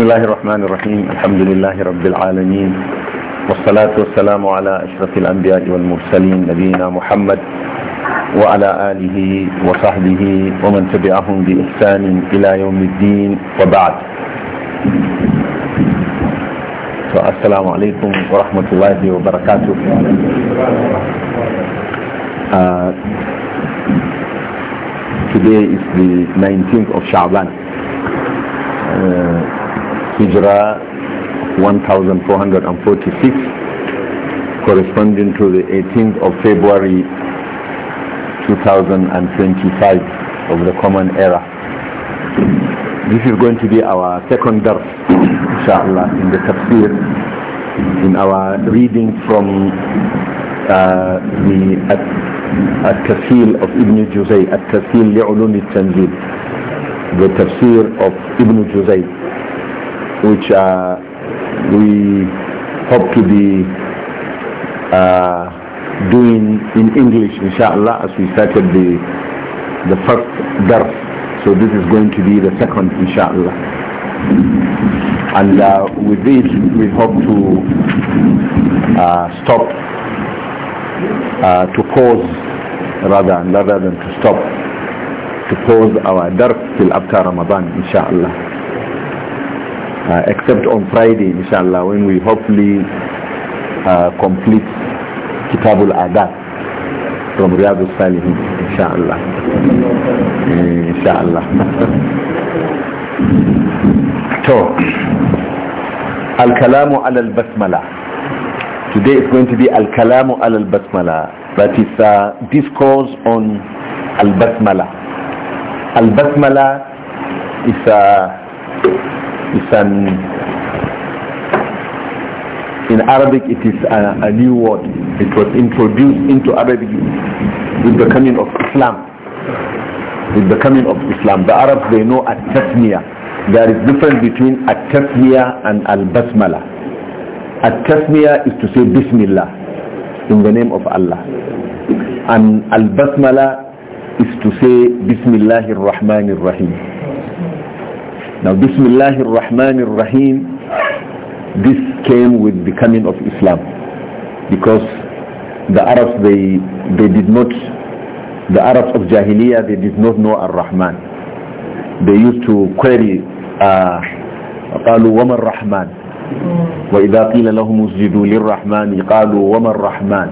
بسم الله الرحمن الرحيم الحمد لله رب العالمين والصلاة والسلام على أشرف الأنبياء والمرسلين نبينا محمد وعلى آله وصحبه ومن تبعهم بإحسان إلى يوم الدين وبعد السلام عليكم ورحمة الله وبركاته آه Today is the 19th of Sha'ban uh, Hijrah 1446 corresponding to the 18th of February 2025 of the Common Era. This is going to be our second dars, inshallah, in the tafsir, in our reading from uh, the At-Tafsir of Ibn Juzay, At-Tafsir Tanzil, the tafsir of Ibn Juzay, which uh, we hope to be uh, doing in English inshallah as we started the the first darf. so this is going to be the second inshallah and uh, with this we hope to uh, stop uh, to pause rather rather than to stop to pause our darf till after Ramadan inshallah uh, except on Friday, inshallah, when we hopefully uh, complete Kitabul al-Adab from Riyadh Salih, inshallah. Inshallah. so, Al-Kalamu al-Basmala. Today is going to be Al-Kalamu al-Basmala. That is a uh, discourse on Al-Basmala. Al-Basmala is a uh, it's an, in Arabic it is a, a new word. It was introduced into Arabic with the coming of Islam. With the coming of Islam. The Arabs, they know at-tasmiya. There is difference between at-tasmiya and al-basmala. At-tasmiya is to say Bismillah in the name of Allah. And al-basmala is to say Bismillahir Rahmanir Rahim. Now, Bismillahir Rahmanir Rahim, this came with the coming of Islam because the Arabs, they, they did not, the Arabs of Jahiliyyah, they did not know Ar-Rahman. They used to query, uh, قالوا وما الرحمن وإذا قيل لهم اسجدوا للرحمن قالوا وما الرحمن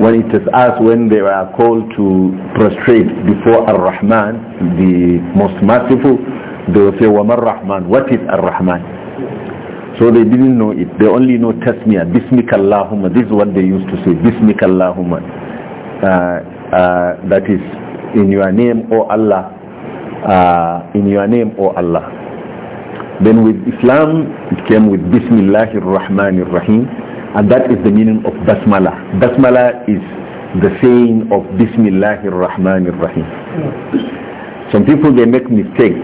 When it is asked when they are called to prostrate before Ar-Rahman, the most merciful, they will say وَمَا rahman what is Ar-Rahman so they didn't know it they only know Tasmiyah Bismika Allahumma this is what they used to say Bismika Allahumma uh, uh, that is in your name O Allah uh, in your name O Allah then with Islam it came with Bismillahir Rahmanir Rahim and that is the meaning of Basmala Basmala is the saying of Bismillahir Rahmanir Rahim some people they make mistake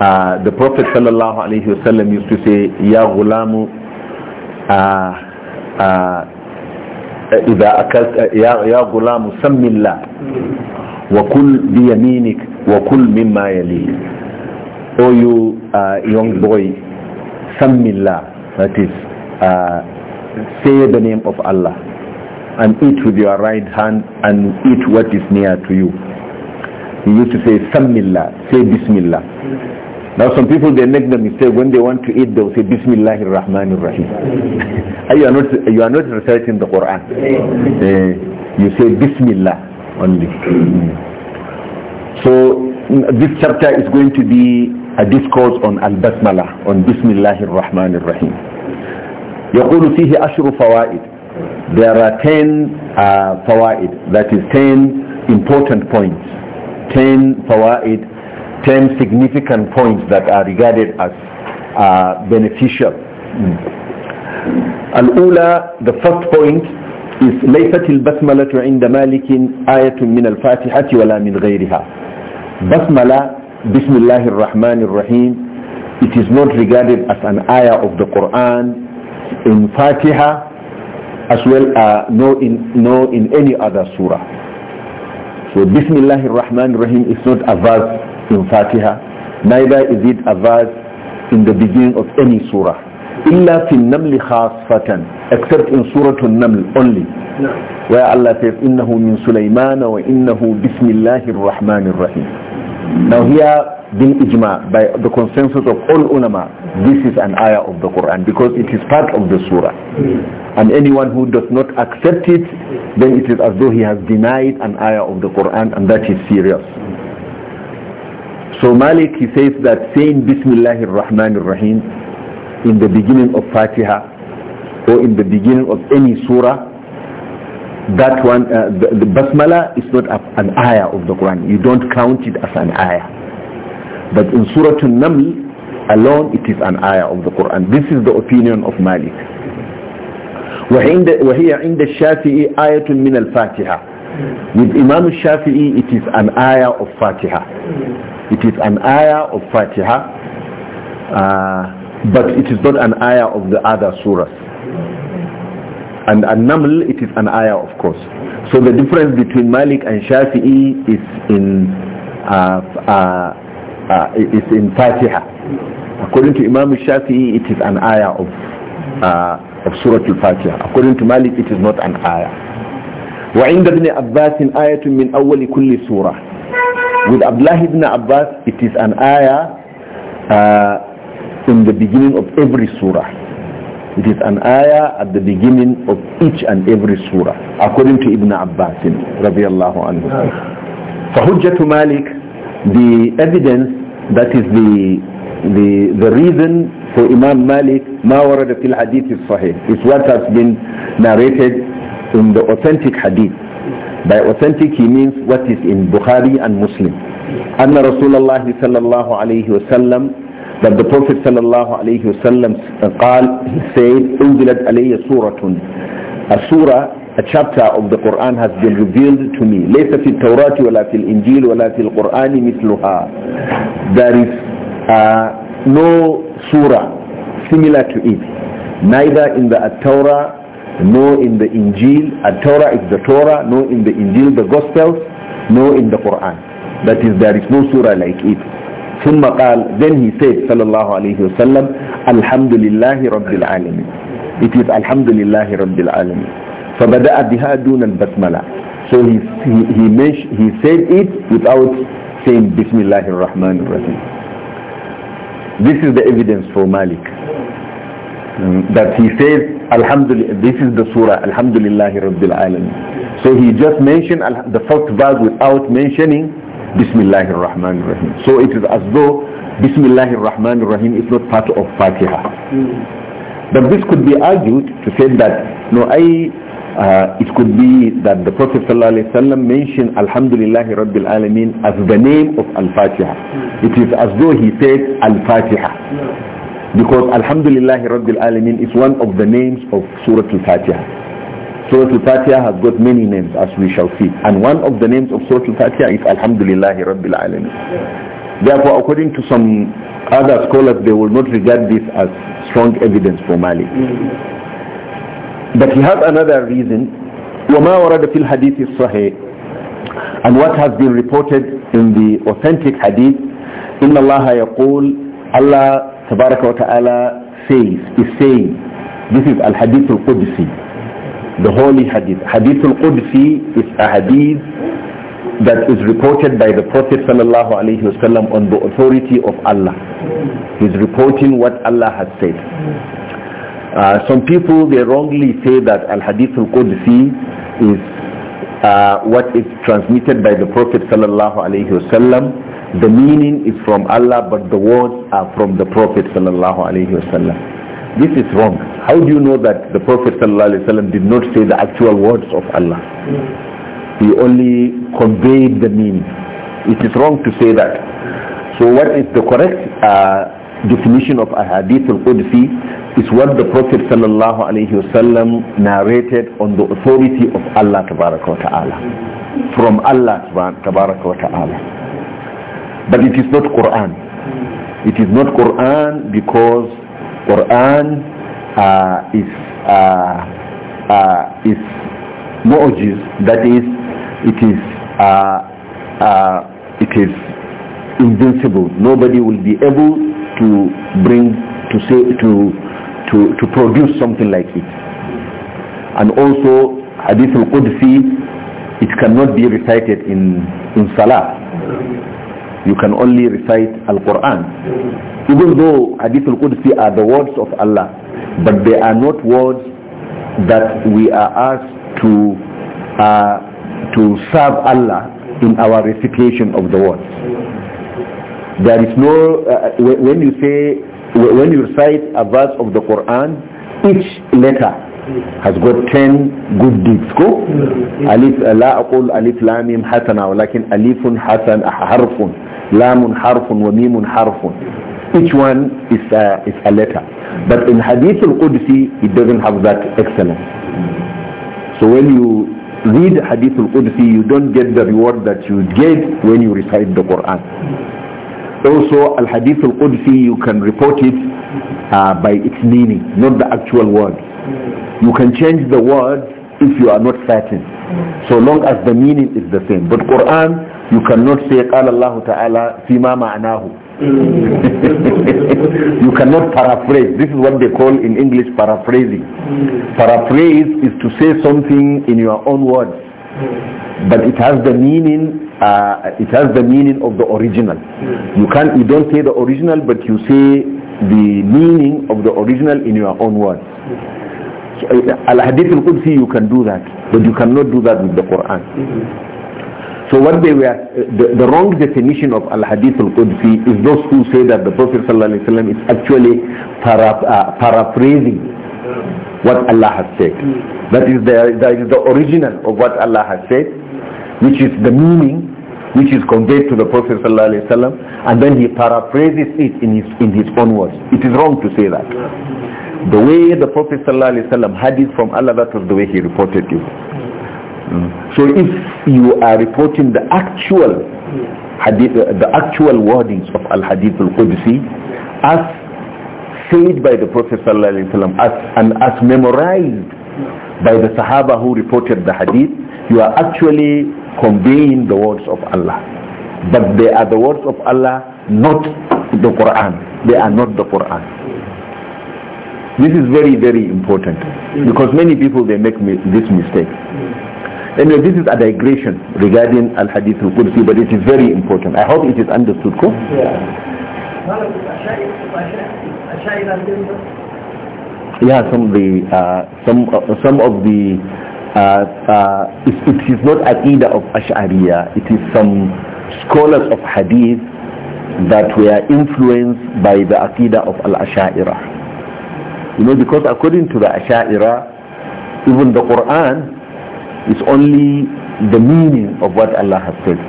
uh, the Prophet sallallahu alaihi wasallam used to say, "Ya ghulamu, إذا أكلت يا يا غلام سم الله وكل بيمينك وكل مما Oh you uh, young boy, سم That is, uh, say the name of Allah and eat with your right hand and eat what is near to you. He used to say, Sammillah, say Bismillah. Now some people they make the mistake when they want to eat they will say Bismillah ar-Rahman ar-Rahim. you are not you are not reciting the Quran. Uh, you say Bismillah only. So this chapter is going to be a discourse on al-basmala on Bismillah ar-Rahman ar-Rahim. يقول فيه أشر فوائد. There are ten uh, فوائد that is ten important points. Ten فوائد 10 significant points that are regarded as uh, beneficial. الأولى, mm. the first point is ليست البسملة عند مالك آية من الفاتحة ولا من غيرها. بسملة بسم الله الرحمن الرحيم it is not regarded as an ayah of the Quran in Fatiha as well uh, no in no in any other surah. So r-Rahman Rahmanir Rahim is not a verse in Fatiha, neither is it a verse in the beginning of any surah. إلا في النمل خاصة except in surah al-naml only where Allah says إنه من سليمان وإنه بسم الله الرحمن rahim now here bin ijma by the consensus of all ulama this is an ayah of the quran because it is part of the surah and anyone who does not accept it then it is as though he has denied an ayah of the quran and that is serious so Malik, he says that saying Bismillahir Rahmanir Rahim in the beginning of Fatiha or in the beginning of any surah, that one, uh, the, the Basmala is not a, an ayah of the Quran. You don't count it as an ayah. But in Surah An-Naml alone, it is an ayah of the Quran. This is the opinion of Malik. وهي عند الشافعي آية من الفاتحة with Imam Shafi'i, it is an ayah of Fatiha. It is an ayah of Fatiha, uh, but it is not an ayah of the other surahs. And an Naml, it is an ayah, of course. So the difference between Malik and Shafi'i is in uh, uh, uh is in Fatiha. According to Imam Shafi'i, it is an ayah of uh, of Surah Al-Fatiha. According to Malik, it is not an ayah. وعند ابن عباس آية من أول كل سورة with Abdullah ibn Abbas it is an ayah uh, in the beginning of every surah it is an ayah at the beginning of each and every surah according to Ibn Abbas اللَّهُ anhu فحجة Malik the evidence that is the the the reason for Imam Malik ما ورد في الحديث الصحيح is what has been narrated in the authentic hadith. By authentic he means what is in Bukhari and Muslim. Anna Rasulullah sallallahu alayhi wa sallam that the Prophet sallallahu alayhi wa sallam قال, uh, he said, أنزلت علي سورة A surah a chapter of the Quran has been revealed to me. ليس في التوراة ولا في الإنجيل ولا في القرآن مثلها. There is uh, no surah similar to it, neither in the Torah no in the Injil, a Torah is the Torah, no in the Injil, the Gospels, no in the Quran. That is, there is no surah like it. ثم قال, then he said, صلى الله عليه وسلم, الحمد لله رب العالمين. It is الحمد لله رب العالمين. فبدأ بها دون البسملة. So he, he, he, he said it without saying r-Rahman Rahmanir Rahim. This is the evidence for Malik. Hmm, that he says Alhamdulillah, this is the surah, Alhamdulillah Rabbil Alamin. So he just mentioned the first verse without mentioning Bismillah rahman rahim So it is as though Bismillah rahman rahim is not part of Fatiha. Mm. But this could be argued to say that, no, I, uh, it could be that the Prophet ﷺ mentioned Alhamdulillah Rabbil Alamin as the name of Al-Fatiha. Mm. It is as though he said Al-Fatiha. Yeah. Because Alhamdulillah Rabbil Alameen is one of the names of Surah Al-Fatiha. Surah Al-Fatiha has got many names as we shall see. And one of the names of Surah Al-Fatiha is Alhamdulillah Rabbil Alameen. Therefore, according to some other scholars, they will not regard this as strong evidence for Malik. But he has another reason. وما ورد في الحديث الصحيح and what has been reported in the authentic hadith إن الله يقول Allah Tabaraka wa ta'ala says, is saying, this is Al-Hadith Al-Qudsi, the holy Hadith. Hadith Al-Qudsi is a Hadith that is reported by the Prophet sallallahu alaihi wasallam on the authority of Allah. He's reporting what Allah has said. Uh, some people they wrongly say that al-hadith al-Qudsi is uh, what is transmitted by the Prophet sallallahu alaihi wasallam the meaning is from Allah, but the words are from the Prophet sallallahu wasallam. This is wrong. How do you know that the Prophet sallallahu wasallam did not say the actual words of Allah? He only conveyed the meaning. It is wrong to say that. So what is the correct uh, definition of ahadith al-Qudsi is what the Prophet sallallahu wasallam narrated on the authority of Allah ta'ala. From Allah ta'ala. But it is not Quran. It is not Quran because Quran uh, is uh, uh, is mu'jiz. That is, it is uh, uh, it is invincible. Nobody will be able to bring to say to to to produce something like it. And also, Hadith al-Qudsi, it cannot be recited in in Salah you can only recite Al-Quran. Even though Hadith al-Qudsi are the words of Allah, but they are not words that we are asked to, uh, to serve Allah in our recitation of the words. There is no, uh, when you say, when you recite a verse of the Quran, each letter has got 10 good deeds Go. alif uh, la aqul alif lam hasana walakin alifun hasan ah, harfun lamun harfun wa mimun harfun each one is a, uh, is a letter but in hadith al-qudsi it doesn't have that excellence so when you read hadith al-qudsi you don't get the reward that you get when you recite the quran also al-hadith al-qudsi you can report it uh, by its meaning not the actual words you can change the words if you are not certain. So long as the meaning is the same. But Quran, you cannot say قال الله تعالى فيما معناه. you cannot paraphrase. This is what they call in English paraphrasing. Paraphrase is to say something in your own words, but it has the meaning. Uh, it has the meaning of the original. You can't. You don't say the original, but you say the meaning of the original in your own words al-hadith al-Qudsi you can do that but you cannot do that with the Quran So what they were, the, the wrong definition of al-hadith al-Qudsi is those who say that the Prophet ﷺ is actually para, uh, paraphrasing what Allah has said. That is, the, that is the original of what Allah has said, which is the meaning which is conveyed to the Prophet ﷺ, and then he paraphrases it in his, in his own words. It is wrong to say that the way the Prophet ﷺ had it from Allah, that was the way he reported it. Mm. So if you are reporting the actual hadith, uh, the actual wordings of Al-Hadith Al-Qudsi as said by the Prophet ﷺ as, and as memorized by the Sahaba who reported the hadith, you are actually conveying the words of Allah. But they are the words of Allah, not the Quran. They are not the Quran. This is very, very important because many people, they make mi this mistake. Anyway, this is a digression regarding Al-Hadith al-Qudsi, but it is very important. I hope it is understood, Ko? Yeah. yeah, some of the, uh, some, uh, some of the, uh, uh it, it is not Aqidah of Ash'ariya, it is some scholars of Hadith that were influenced by the Aqidah of Al-Ash'ira. You know, because according to the Asha'ira, even the Quran is only the meaning of what Allah has said.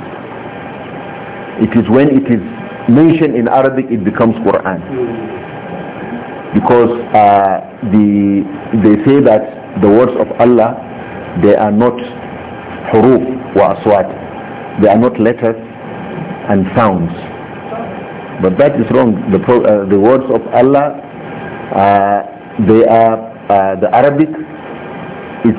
It is when it is mentioned in Arabic, it becomes Quran. Because uh, the, they say that the words of Allah, they are not huruf wa aswat. They are not letters and sounds. But that is wrong. The, uh, the words of Allah uh, they are uh, the Arabic. It,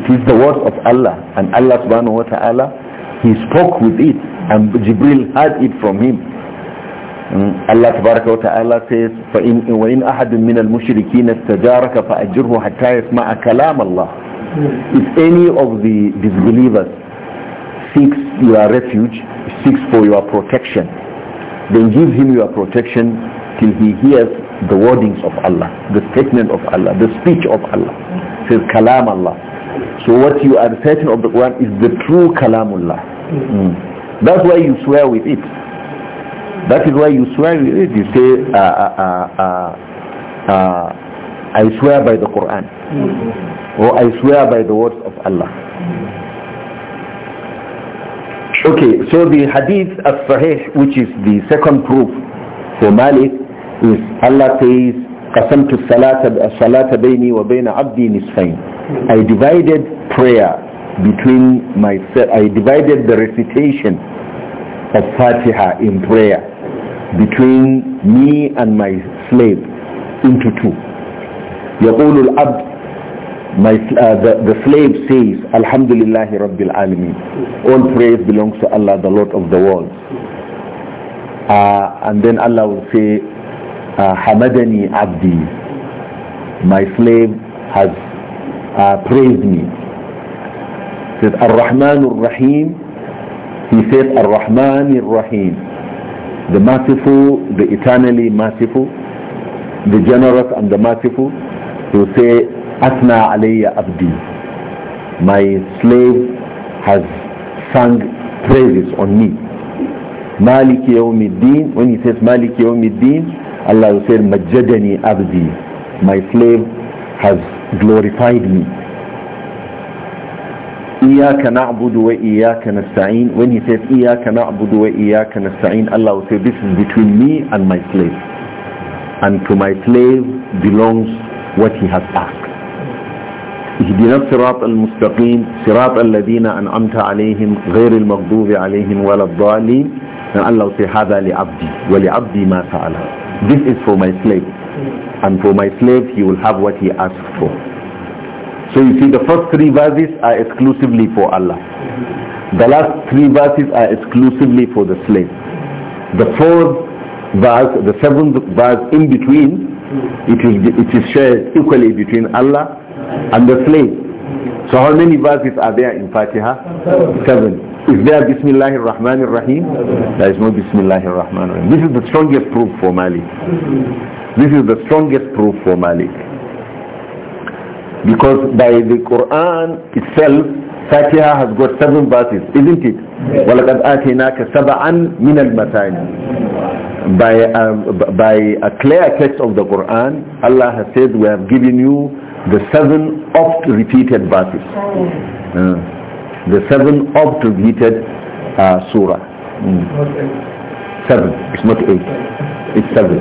it is the word of Allah, and Allah subhanahu wa taala, He spoke with it, and Jibril had it from Him. Mm, Allah wa taala says فإن وإن أحد من المشركين استجارك فأجره حتى يسمع كلام الله If any of the disbelievers seeks your refuge, seeks for your protection, then give him your protection till he hears the wordings of Allah, the statement of Allah, the speech of Allah. It says kalam Allah. So what you are reciting of the Quran is the true kalamullah. Mm. That's why you swear with it. That is why you swear with it. You say, uh uh, uh, uh, uh, I swear by the Quran. Or I swear by the words of Allah. Okay, so the hadith as-sahih, which is the second proof for Malik, Yes. Allah says, قَسَمْتُ الصَّلَاةَ بَيْنِي وَبَيْنَ عَبْدِي نِصْفَيْنِ I divided prayer between myself, I divided the recitation of Fatiha in prayer between me and my slave into two. يقول العبد my, uh, the, the slave says, Alhamdulillahi Rabbil Alameen. All praise belongs to Allah, the Lord of the world. Uh, and then Allah will say, uh, Hamadani Abdi, my slave has uh, praised me. He said, Ar-Rahman Ar-Rahim. He said, Ar-Rahman Ar-Rahim. The merciful, the eternally merciful, the generous and the merciful. He will say, Asna alayya abdi. My slave has sung praises on me. Malik yawmiddin. When he says Malik yawmiddin, Allah will say majadani abdi my slave has glorified me إياك نعبد وإياك نستعين when he says إياك نعبد وإياك نستعين Allah will say this is between me and my slave and to my slave belongs what he has asked اهدنا الصراط المستقيم صراط الذين أنعمت عليهم غير المغضوب عليهم ولا الضالين will say هذا لعبدي ولعبدي ما سأله this is for my slave and for my slave he will have what he asks for so you see the first three verses are exclusively for Allah the last three verses are exclusively for the slave the fourth verse the seventh verse in between it is, it is shared equally between Allah and the slave so how many verses are there in Fatiha? Seven. Is there Bismillah ar-Rahman ar-Rahim? There is no Bismillah ar-Rahman ar-Rahim. This is the strongest proof for Malik. This is the strongest proof for Malik. Because by the Quran itself, Fatiha has got seven verses, isn't it? وَلَقَدْ آتِينَاكَ سَبَعًا مِنَ الْمَثَانِ by, um, by a clear text of the Quran, Allah has said, we have given you the seven oft-repeated verses. Uh, the seven obfuscated uh, surah. Mm. Seven. It's not eight. It's seven.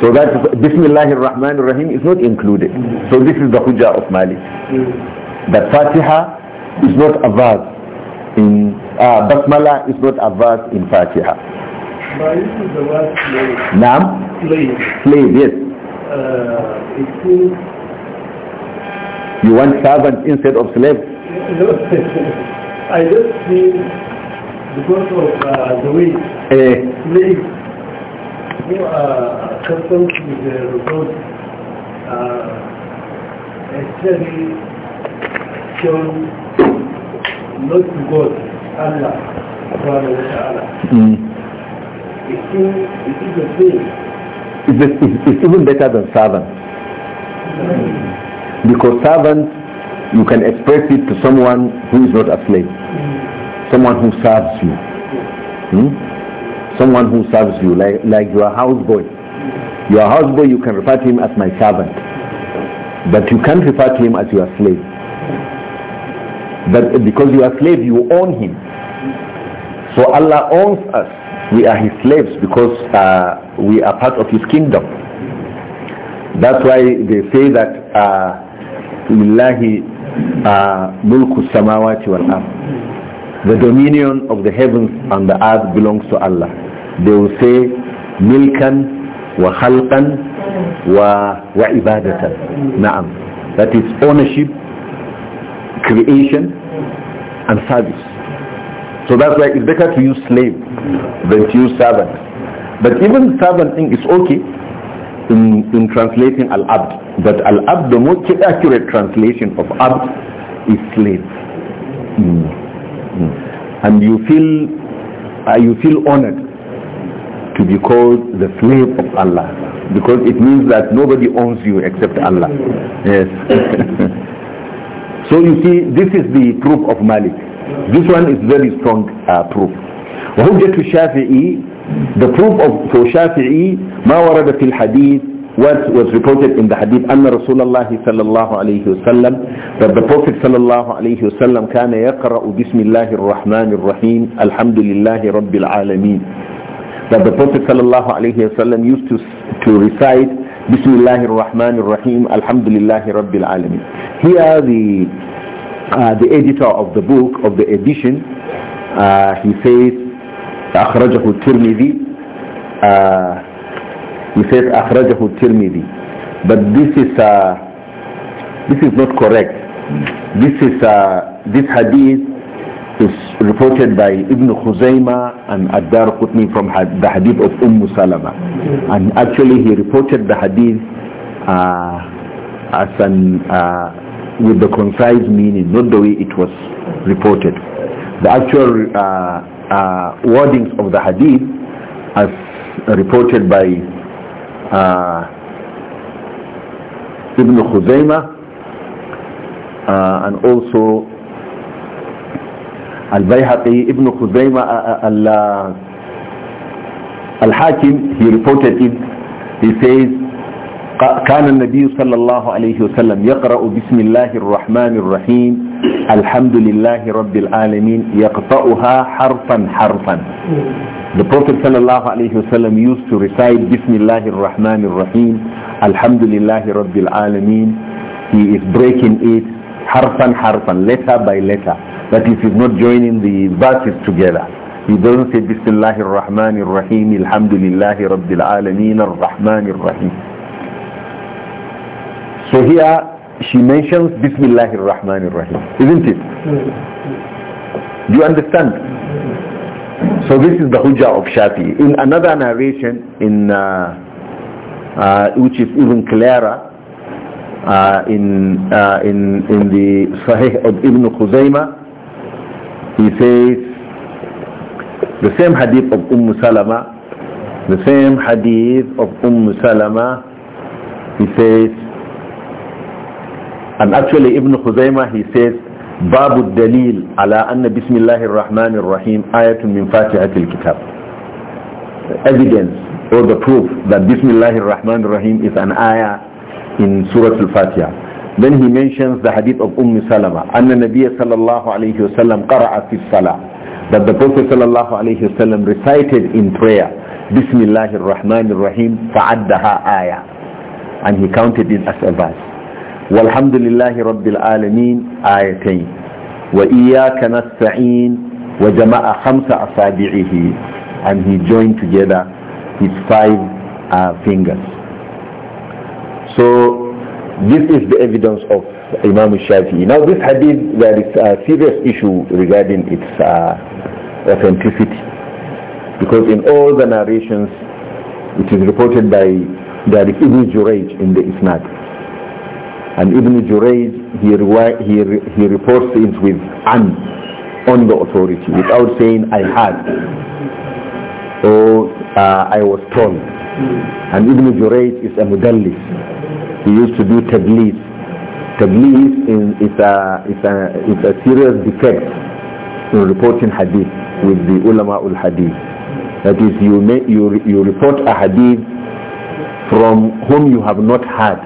So that Bismillahir Rahmanir Rahim is not included. So this is the Hujjah of Malik. That Fatiha is not a verse in uh, Basmala is not a verse in Fatiha. Nam? Slave. Slave, yes. Uh, you want servant instead of slave? I just see because of uh, the way eh. slaves who are uh, accustomed to the robot uh, actually shown not to God, Allah, subhanahu wa ta'ala. Mm. It, is, it is the same. It's, it's, it's even better than servants. Mm. Because servants you can express it to someone who is not a slave, someone who serves you, hmm? someone who serves you, like, like your houseboy. Your houseboy, you can refer to him as my servant, but you can't refer to him as your slave. But because you are slave, you own him. So Allah owns us. We are his slaves because uh, we are part of his kingdom. That's why they say that uh, mulku samawati wal ard the dominion of the heavens and the earth belongs to Allah they will say milkan wa khalqan wa wa ibadatan na'am that is ownership creation and service so that's why it's better to use slave than to use servant but even servant thing is okay in, in translating al-abd that al-abd, the most accurate translation of abd is slave. Mm. Mm. And you feel, uh, you feel honored to be called the slave of Allah because it means that nobody owns you except Allah. Yes. so you see, this is the proof of Malik. This one is very strong uh, proof. وهجة الشافعي the proof of for Shafi'i ما ورد في الحديث what was reported in the hadith anna rasulullah sallallahu alayhi wasallam that the prophet sallallahu alayhi wasallam kana yaqra'u bismillahir rahmanir rahim alhamdulillahi rabbil alamin that the prophet sallallahu alayhi wasallam used to to recite bismillahir rahmanir rahim alhamdulillahi rabbil alamin here the uh, the editor of the book of the edition uh, he says akhrajahu uh, tirmidhi he says akhrajahu Tirmidhi. But this is uh, this is not correct. This is uh, this hadith is reported by Ibn Khuzaima and adar dar Qutni from the hadith of Umm Salama. And actually he reported the hadith uh, as an uh, with the concise meaning, not the way it was reported. The actual uh, uh, wordings of the hadith as reported by Ibn Khuzaima and also Al-Bayhaqi, Ibn Khuzaima, Al-Hakim, he reported it, he says, كان النبي صلى الله عليه وسلم يقرأ بسم الله الرحمن الرحيم alhamdulillahi rabbil alamin yaqta'uha harfan harfan The Prophet sallallahu alaihi wasallam used to recite Bismillahir Rahmanir Rahim, Alhamdulillahi Rabbil Alameen. He is breaking it harfan harfan, letter by letter. That is, not joining the verses together. He doesn't say Bismillahir Rahmanir Rahim, Alhamdulillahi Rabbil Alameen, ar Rahim. So here she mentions Bismillahir Rahmanir Rahim, isn't it? Do you understand? So this is the Hujjah of Shafi. In another narration, in uh, uh, which is even clearer, uh, in, uh, in, in the Sahih of Ibn Khuzaymah, he says, the same hadith of Umm Salama, the same hadith of Umm Salama, he says, and actually Ibn Khuzaimah he says باب الدليل على أن بسم الله الرحمن الرحيم آية من فاتحة الكتاب evidence or the proof that بسم الله الرحمن الرحيم is an ayah in Surah Al-Fatiha then he mentions the hadith of Umm Salama أن النبي صلى الله عليه وسلم قرأ في الصلاة that the Prophet صلى الله عليه وسلم recited in prayer بسم الله الرحمن الرحيم فعدها آية and he counted it as a verse والحمد لله رب العالمين آيتين وإياك نستعين وجمع خمس أصابعه and he joined together his five uh, fingers. So this is the evidence of Imam Shafi'i. Now this hadith, there is a serious issue regarding its uh, authenticity. Because in all the narrations, it is reported by, there is Ibn Juraj in the Isnad. And Ibn Jurayj, he, he, he reports it with an, on the authority, without saying I had, or uh, I was told. And Ibn Jurayj is a mudallis. He used to do tablis. Tablis is, is, a, is, a, is a serious defect in reporting hadith with the ulama ul hadith. That is, you, may, you, you report a hadith from whom you have not heard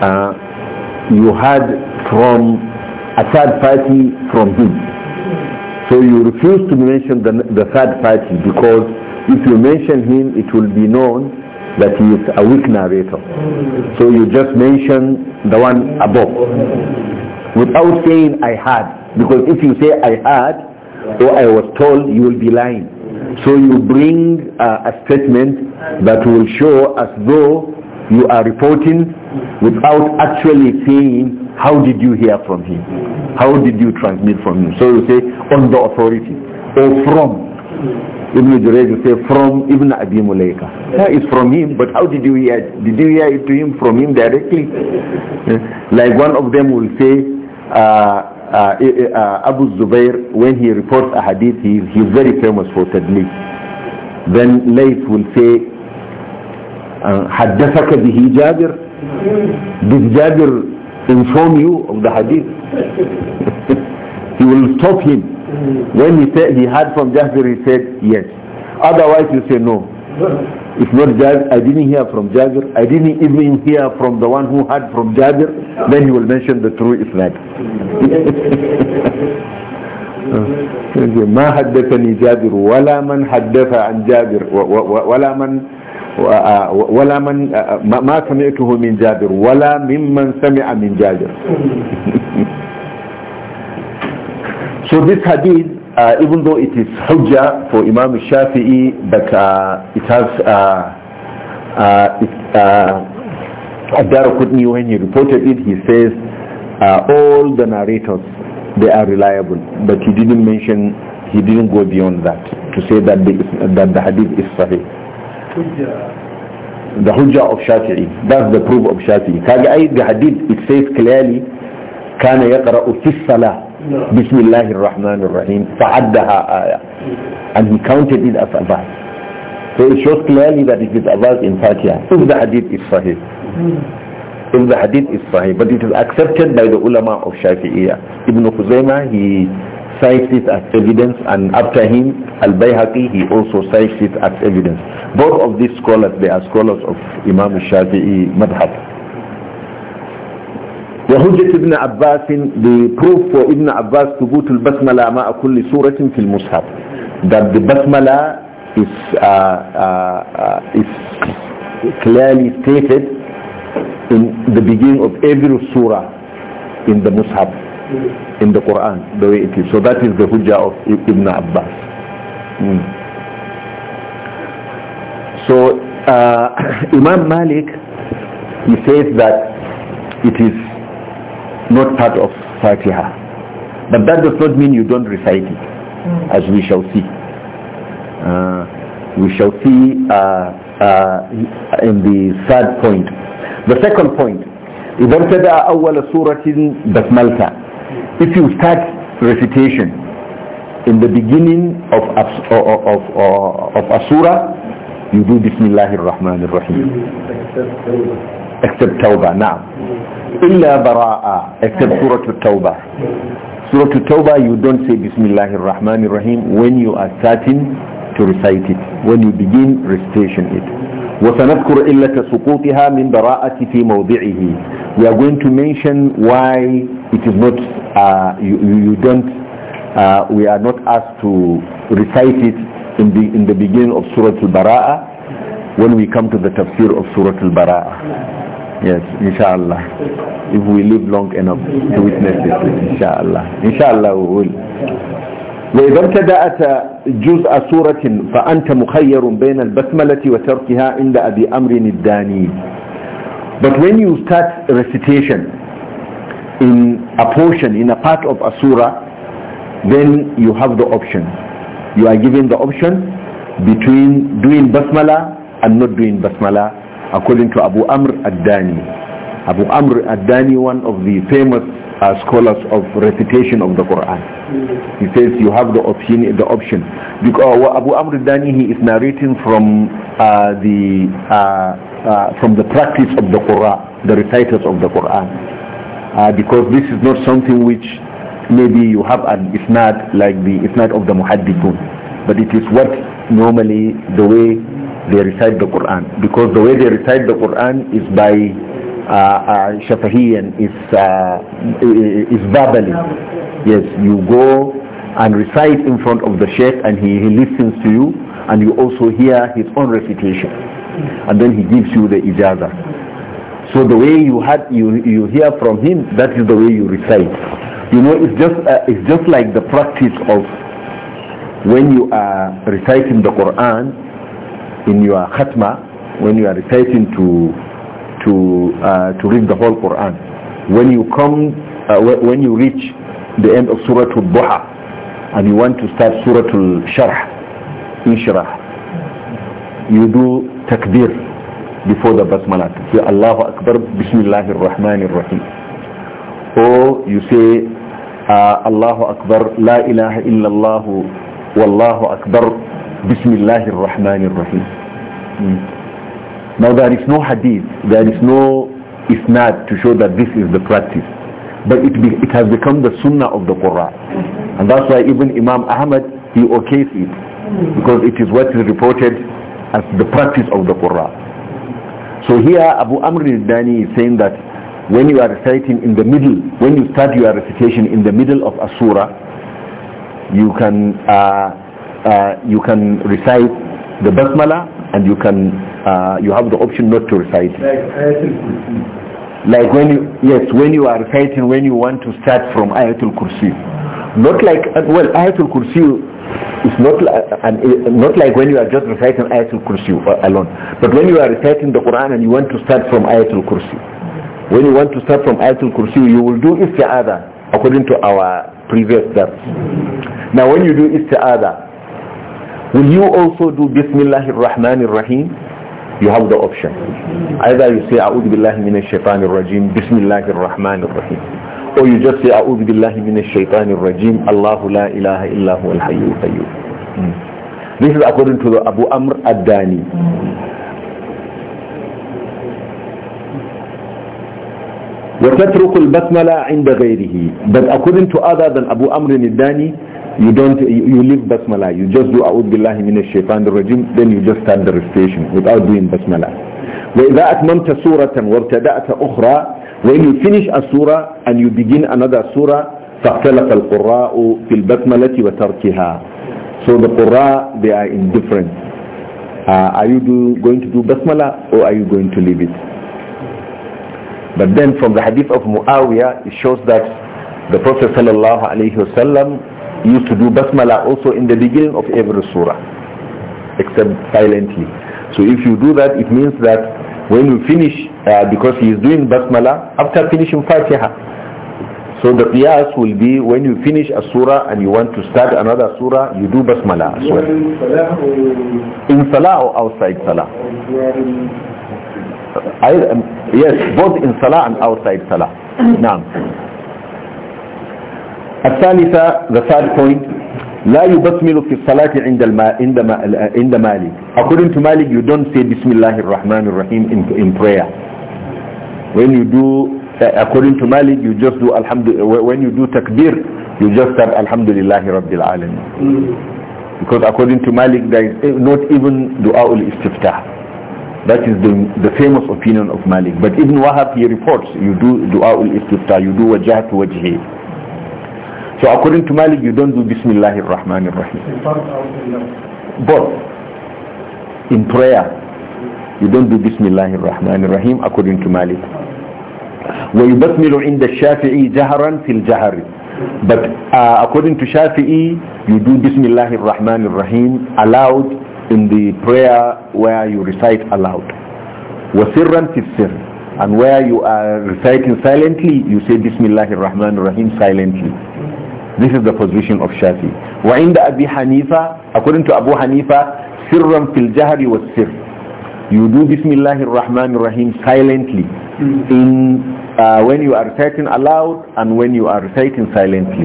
uh, you had from a third party from him. So you refuse to mention the, the third party because if you mention him, it will be known that he is a weak narrator. So you just mention the one above without saying I had because if you say I had or I was told, you will be lying. So you bring uh, a statement that will show as though you are reporting without actually saying how did you hear from him how did you transmit from him so you say on the authority or from Ibn Jurayj will say from Ibn Abi Mulaika. That is from him, but how did you hear it? Did you hear it to him from him directly? like one of them will say, uh, uh, eh, eh, uh, Abu Zubair, when he reports a hadith, he, he very famous for Tadlis. Then Layth will say, حدثك به جابر did Jabir inform you of the hadith he will stop him when he said he heard from Jabir he said yes otherwise you say no if not Jabir I didn't hear from Jabir I didn't even hear from the one who heard from Jabir then he will mention the true Islam ما حدثني جابر ولا من حدث عن جابر ولا من so this hadith uh, even though it is hujjah for Imam Shafi'i but uh, it has uh, uh it, uh, ad when he reported it, he says, uh, all the narrators, they are reliable. But he didn't mention, he didn't go beyond that to say that the, that the hadith is sahih. the hujja of shafi'i that's the proof of shafi'i kaga ai the hadith it says clearly kana yaqra'u fi salah bismillahir rahmanir rahim fa'addaha aya and he counted it as a so it shows clearly that it is a in fatiha if the hadith is sahih hmm. if the hadith is sahih but it is accepted by the ulama of shafi'iyya ibn Khuzaimah he cites it as evidence and after him al-Bayhaqi he also cites it as evidence. Both of these scholars they are scholars of Imam Shafi'i Madhab. وحجة ابن عباس the proof for Ibn Abbas ثبوت البسملة مع كل سورة في المصحف that the basmala is uh, uh, is clearly stated in the beginning of every surah in the Mus'haf in the Quran the way it is. So that is the Hujjah of Ibn Abbas. Mm. So uh, Imam Malik, he says that it is not part of Fatiha. But that does not mean you don't recite it, mm. as we shall see. Uh, we shall see uh, uh, in the third point. The second point, إذا ابتدأ أول سورة بسملتها if you start recitation in the beginning of, of, of, of, you do Bismillahir Rahmanir Rahim. Except Tawbah, now. Illa Bara'a, except Surah Tawbah. Surah Tawbah, you don't say Bismillahir Rahmanir Rahim when you are starting to recite it, when you begin recitation it. وسنذكر سقوطها من براءة في موضعه we are going to mention why it is not uh, you, you don't uh, we are not asked to recite it in the in the beginning of Surah Al-Bara'a when we come to the tafsir of Surah Al-Bara'a yes inshallah if we live long enough to witness it inshallah inshallah we will وإذا ابتدأت جزء سورة فأنت مخير بين البسملة وتركها عند أبي أمر الداني But when you start recitation in a portion, in a part of a surah, then you have the option. You are given the option between doing basmala and not doing basmala according to Abu Amr ad-Dani. Abu Amr ad-Dani, one of the famous uh, scholars of recitation of the Quran. He says you have the option, the option. Because Abu Amr Dani he is narrating from uh, the uh, uh, from the practice of the Quran, the reciters of the Quran. Uh, because this is not something which maybe you have an not like the it's not of the muhaddithun, but it is what normally the way they recite the Quran. Because the way they recite the Quran is by uh, uh is, uh, is verbally. Yes, you go and recite in front of the sheikh and he, he listens to you and you also hear his own recitation. And then he gives you the ijazah. So the way you had you you hear from him, that is the way you recite. You know, it's just uh, it's just like the practice of when you are reciting the Quran in your khatma, when you are reciting to to uh, to read the whole Quran. When you come, uh, when you reach the end of Surah Al-Duha and you want to start Surah Al-Sharh, Inshrah, you do takbir before the basmala. Say Allahu Akbar, Bismillahir Rahmanir Rahim. Or you say uh, Akbar, La ilaha illallah, Wallahu Akbar, Bismillahir Rahmanir Rahim. Mm. Now there is no hadith, there is no isnad to show that this is the practice. But it, be, it has become the sunnah of the Quran. And that's why even Imam Ahmad, he okays it. Because it is what is reported as the practice of the Quran. So here Abu Amr al-Dani is saying that when you are reciting in the middle, when you start your recitation in the middle of a surah, you can, uh, uh, you can recite the basmala and you can uh, you have the option not to recite. Like when you, yes, when you are reciting, when you want to start from Ayatul Kursi. Not like, uh, well, Ayatul Kursi is not, uh, uh, not like when you are just reciting Ayatul Kursi uh, alone. But when you are reciting the Quran and you want to start from Ayatul Kursi. When you want to start from Ayatul Kursi, you will do isti'adha according to our previous steps. Now when you do isti'adha, will you also do Bismillahir Rahmanir Rahim? you have the option. Either you say, A'udhu billahi minash shaitanir rajim, bismillahir rahmanir rahim. Or you just say, A'udhu billahi minash shaitanir rajim, Allahu la ilaha illa huwa al-hayyul qayyum. Hmm. This is according to Abu Amr Ad-Dani. al-basmala 'inda ghayrihi but according to other than Abu Amr Ad-Dani you don't you leave basmala you just do a'udhu billahi minash shaitanir rajim then you just start the recitation without doing basmala when you finish a surah and you begin another surah فاختلف fil في wa وتركها so the قراء they are indifferent uh, are you do, going to do basmala or are you going to leave it but then from the hadith of Muawiyah it shows that the Prophet sallallahu alaihi wasallam used to do basmala also in the beginning of every surah, except silently. So if you do that, it means that when you finish, uh, because he is doing basmala, after finishing Fatiha, so the qiyas will be when you finish a surah and you want to start another surah, you do basmala as well. In salah or outside salah? I, um, yes, both in salah and outside salah. Now. الثالثة the third point لا يبسمل في الصلاة عند الما عند ما عند مالك according to Malik you don't say بسم الله الرحمن الرحيم in, in prayer when you do uh, according to Malik you just do alhamdulillah when you do takbir you just start alhamdulillah rabbil alamin because according to Malik there is eh, not even dua ul istiftah that is the, the famous opinion of Malik but Ibn Wahab he reports you do dua ul istifta, you do wajah to wajhi so according to Malik, you don't do Bismillah ar-Rahman rahim But in prayer, you don't do Bismillah ar-Rahman rahim according to Malik. وَيُبَسْمِلُ عِنْدَ الشَّافِعِي جَهَرًا فِي الْجَهَرِ But uh, according to Shafi'i, you do Bismillah ar-Rahman rahim aloud in the prayer where you recite aloud. وَسِرًّا فِي السِّرِّ and where you are reciting silently, you say Bismillahir Rahmanir Rahim silently. This is the position of Shafi. وعند أبي Hanifa. according to Abu Hanifa fil Jahri was Sir. you do bismillahir rahmanir rahman rahim silently hmm. in uh, when you are reciting aloud and when you are reciting silently.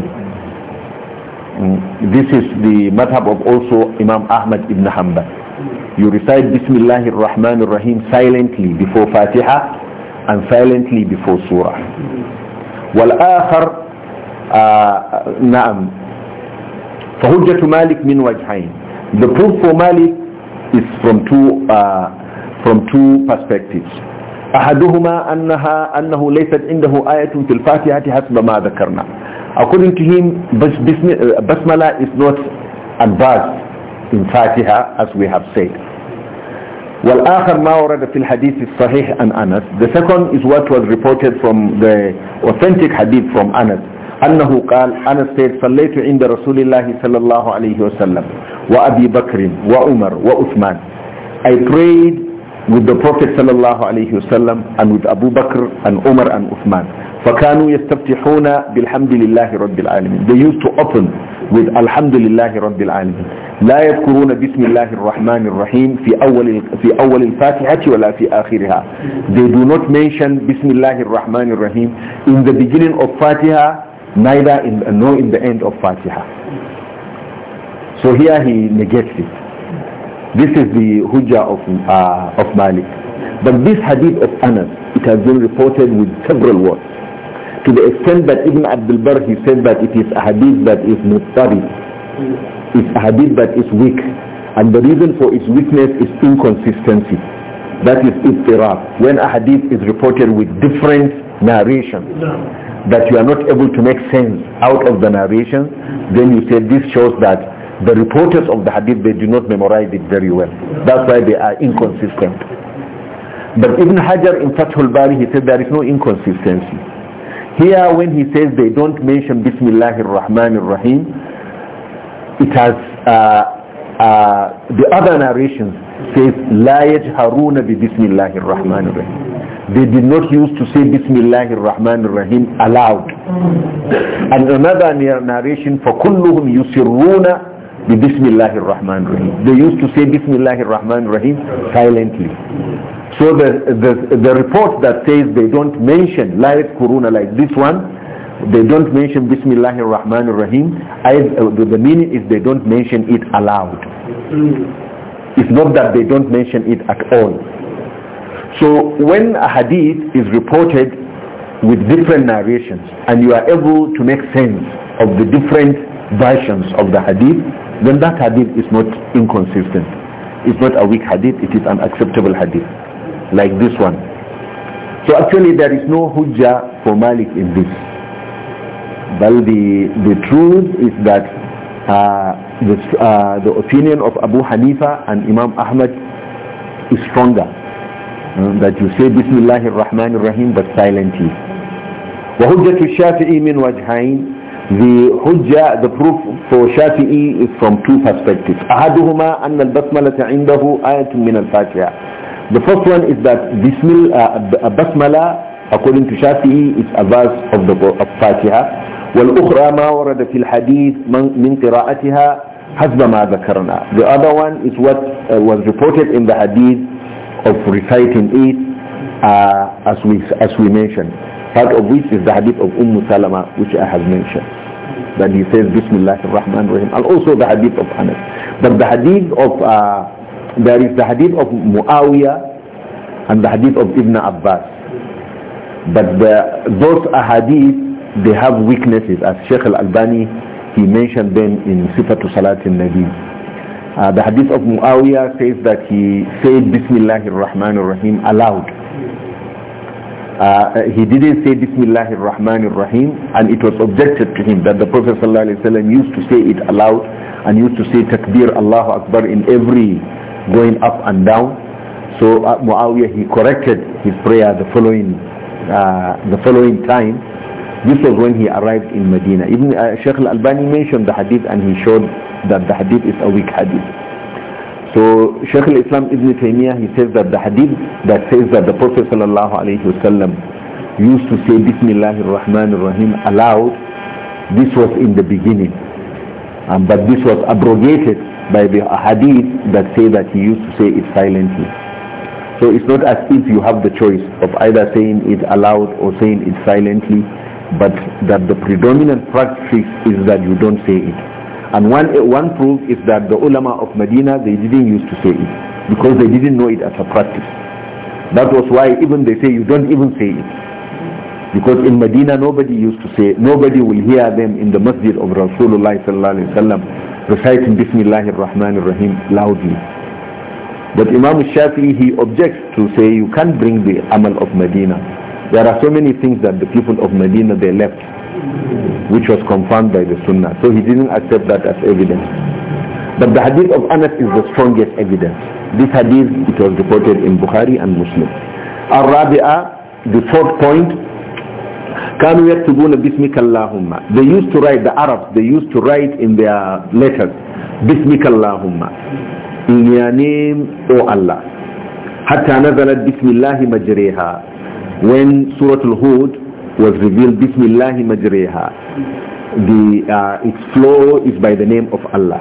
Hmm. This is the madhab of also Imam Ahmad ibn Hanbal. Hmm. You recite bismillahir rahmanir rahman rahim silently before Fatiha and silently before Surah. والآخر فهجة مالك من وجهين the proof for Malik is from two uh, from two perspectives أحدهما أنها أنه ليست عنده آية في الفاتحة حسب ما ذكرنا according to him uh, basmala is not advised in Fatiha as we have said والآخر ما ورد في الحديث الصحيح عن أنس the second is what was reported from the authentic hadith from Anas أنه قال أنا سيد صليت عند رسول الله صلى الله عليه وسلم وأبي بكر وعمر وعثمان I prayed with the Prophet صلى الله عليه وسلم and with Abu Bakr and Umar and Uthman فكانوا يستفتحون بالحمد لله رب العالمين they used to open with الحمد لله رب العالمين لا يذكرون بسم الله الرحمن الرحيم في أول في أول الفاتحة ولا في آخرها they do not mention بسم الله الرحمن الرحيم in the beginning of Fatiha neither in nor in the end of Fatiha. So here he negates it. This is the hujjah of, uh, of Malik. But this hadith of Anas, it has been reported with several words. To the extent that Ibn Abdul Barr, he said that it is a hadith that is mutari. It's a hadith that is weak. And the reason for its weakness is inconsistency. That is iftirab. When a hadith is reported with different narration that you are not able to make sense out of the narration, then you say this shows that the reporters of the hadith, they do not memorize it very well. That's why they are inconsistent. But Ibn Hajar in Fathul Bari, he said there is no inconsistency. Here when he says they don't mention Bismillahir Rahmanir Rahim, it has uh, uh, the other narrations says لا يجهرون ببسم الله الرحمن rahim they did not use to say Bismillahir Rahmanir Rahim aloud. Mm. And another narration for kulluhum yusiruna bi Bismillahir Rahmanir Rahim. They used to say Bismillahir Rahmanir Rahim silently. So the, the, the report that says they don't mention Layat Kuruna like this one, they don't mention Bismillahir Rahmanir Rahim, uh, the meaning is they don't mention it aloud. Mm. It's not that they don't mention it at all so when a hadith is reported with different narrations and you are able to make sense of the different versions of the hadith, then that hadith is not inconsistent. It's not a weak hadith, it is an acceptable hadith, like this one. So actually there is no hujjah for Malik in this. But the, the truth is that uh, the, uh, the opinion of Abu Hanifa and Imam Ahmad is stronger uh, that you say Bismillah ar-Rahman rahim but silently. وَهُجَّةُ الشَّافِئِ مِنْ وَجْهَيْنِ The hujjah, the proof for Shafi'i is from two perspectives. أَحَدُهُمَا أَنَّ الْبَسْمَلَةَ عِنْدَهُ آيَةٌ مِنَ الْفَاتِحَةِ The first one is that Bismillah, uh, uh, Basmala, according to Shafi'i, is a verse of the of Fatiha. وَالْأُخْرَى مَا وَرَدَ فِي الْحَدِيثِ مِنْ قِرَاءَتِهَا حَسْبَ مَا ذَكَرْنَا The other one is what uh, was reported in the hadith of reciting it uh, as, we, as we mentioned. Part of which is the hadith of Umm Salama, which I have mentioned. That he says, Bismillah ar-Rahman rahim And also the hadith of Anas. But the hadith of, uh, there is the hadith of Muawiyah and the hadith of Ibn Abbas. But the, those hadith they have weaknesses. As Sheikh al-Albani, he mentioned them in Sifatu Salatin Nabi. Uh, the hadith of Muawiyah says that he said Bismillahir Rahmanir Rahim aloud. Uh, he didn't say Bismillahir Rahmanir Rahim and it was objected to him that the Prophet ﷺ used to say it aloud and used to say Takbir Allahu Akbar in every going up and down. So uh, Muawiyah he corrected his prayer the following uh, the following time this was when he arrived in Medina. Even uh, Sheikh al-Albani mentioned the hadith and he showed that the hadith is a weak hadith. So Sheikh al-Islam Ibn Taymiyyah, he says that the hadith that says that the Prophet sallallahu alaihi wasallam used to say Bismillahir Rahmanir Rahim aloud, this was in the beginning. Um, but this was abrogated by the hadith that say that he used to say it silently. So it's not as if you have the choice of either saying it aloud or saying it silently but that the predominant practice is that you don't say it. And one, one proof is that the ulama of Medina, they didn't used to say it because they didn't know it as a practice. That was why even they say you don't even say it. Because in Medina nobody used to say, nobody will hear them in the masjid of Rasulullah reciting Bismillah ar-Rahman reciting Bismillahir Rahmanir Rahim loudly. But Imam Shafi'i, he objects to say you can't bring the amal of Medina there are so many things that the people of Medina, they left, which was confirmed by the Sunnah. So he didn't accept that as evidence. But the hadith of Anas is the strongest evidence. This hadith, it was reported in Bukhari and Muslim. Al-Rabi'ah, the fourth point, كانوا يكتبون باسمك اللهم they used to write the Arabs they used to write in their letters باسمك اللهم in your name O Allah حتى نزلت بسم الله مجريها when Surah Al-Hud was revealed, Bismillah majriha. The, uh, its flow is by the name of Allah.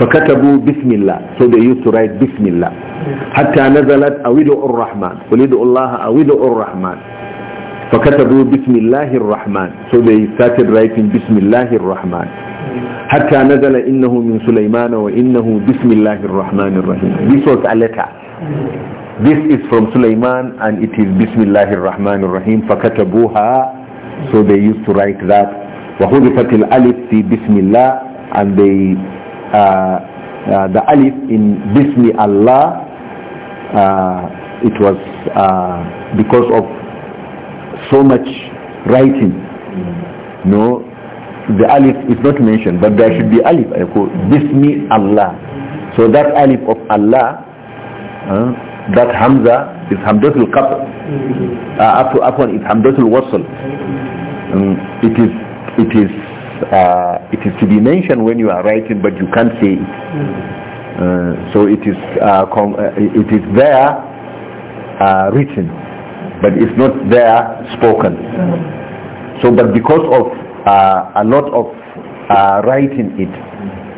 فكتبوا بسم الله so they used to write بسم الله حتى نزلت أويد الرحمن قل الله أويد الرحمن فكتبوا بسم الله الرحمن so they started writing بسم الله الرحمن حتى نزل إنه من سليمان وإنه بسم الله الرحمن الرحيم this was a letter This is from Sulaiman and it is Bismillahir Rahmanir Rahim. فَكَتَبُوهَا So they used to write that. وَحُذِفَتِ الْأَلِفِ alif fi Bismillah, And they, uh, uh, the alif in Bismi Allah, uh, it was uh, because of so much writing. No, the alif is not mentioned, but there should be alif. Bismi Allah. So that alif of Allah, that Hamza is Hamdatul Qatr. Mm-hmm. Uh, upon it, Hamdatul Wasl. Mm, it is, it is, uh, it is to be mentioned when you are writing, but you can't say it. Mm-hmm. Uh, so it is, uh, uh, it is there uh, written, but it's not there spoken. Mm-hmm. So, but because of uh, a lot of uh, writing it,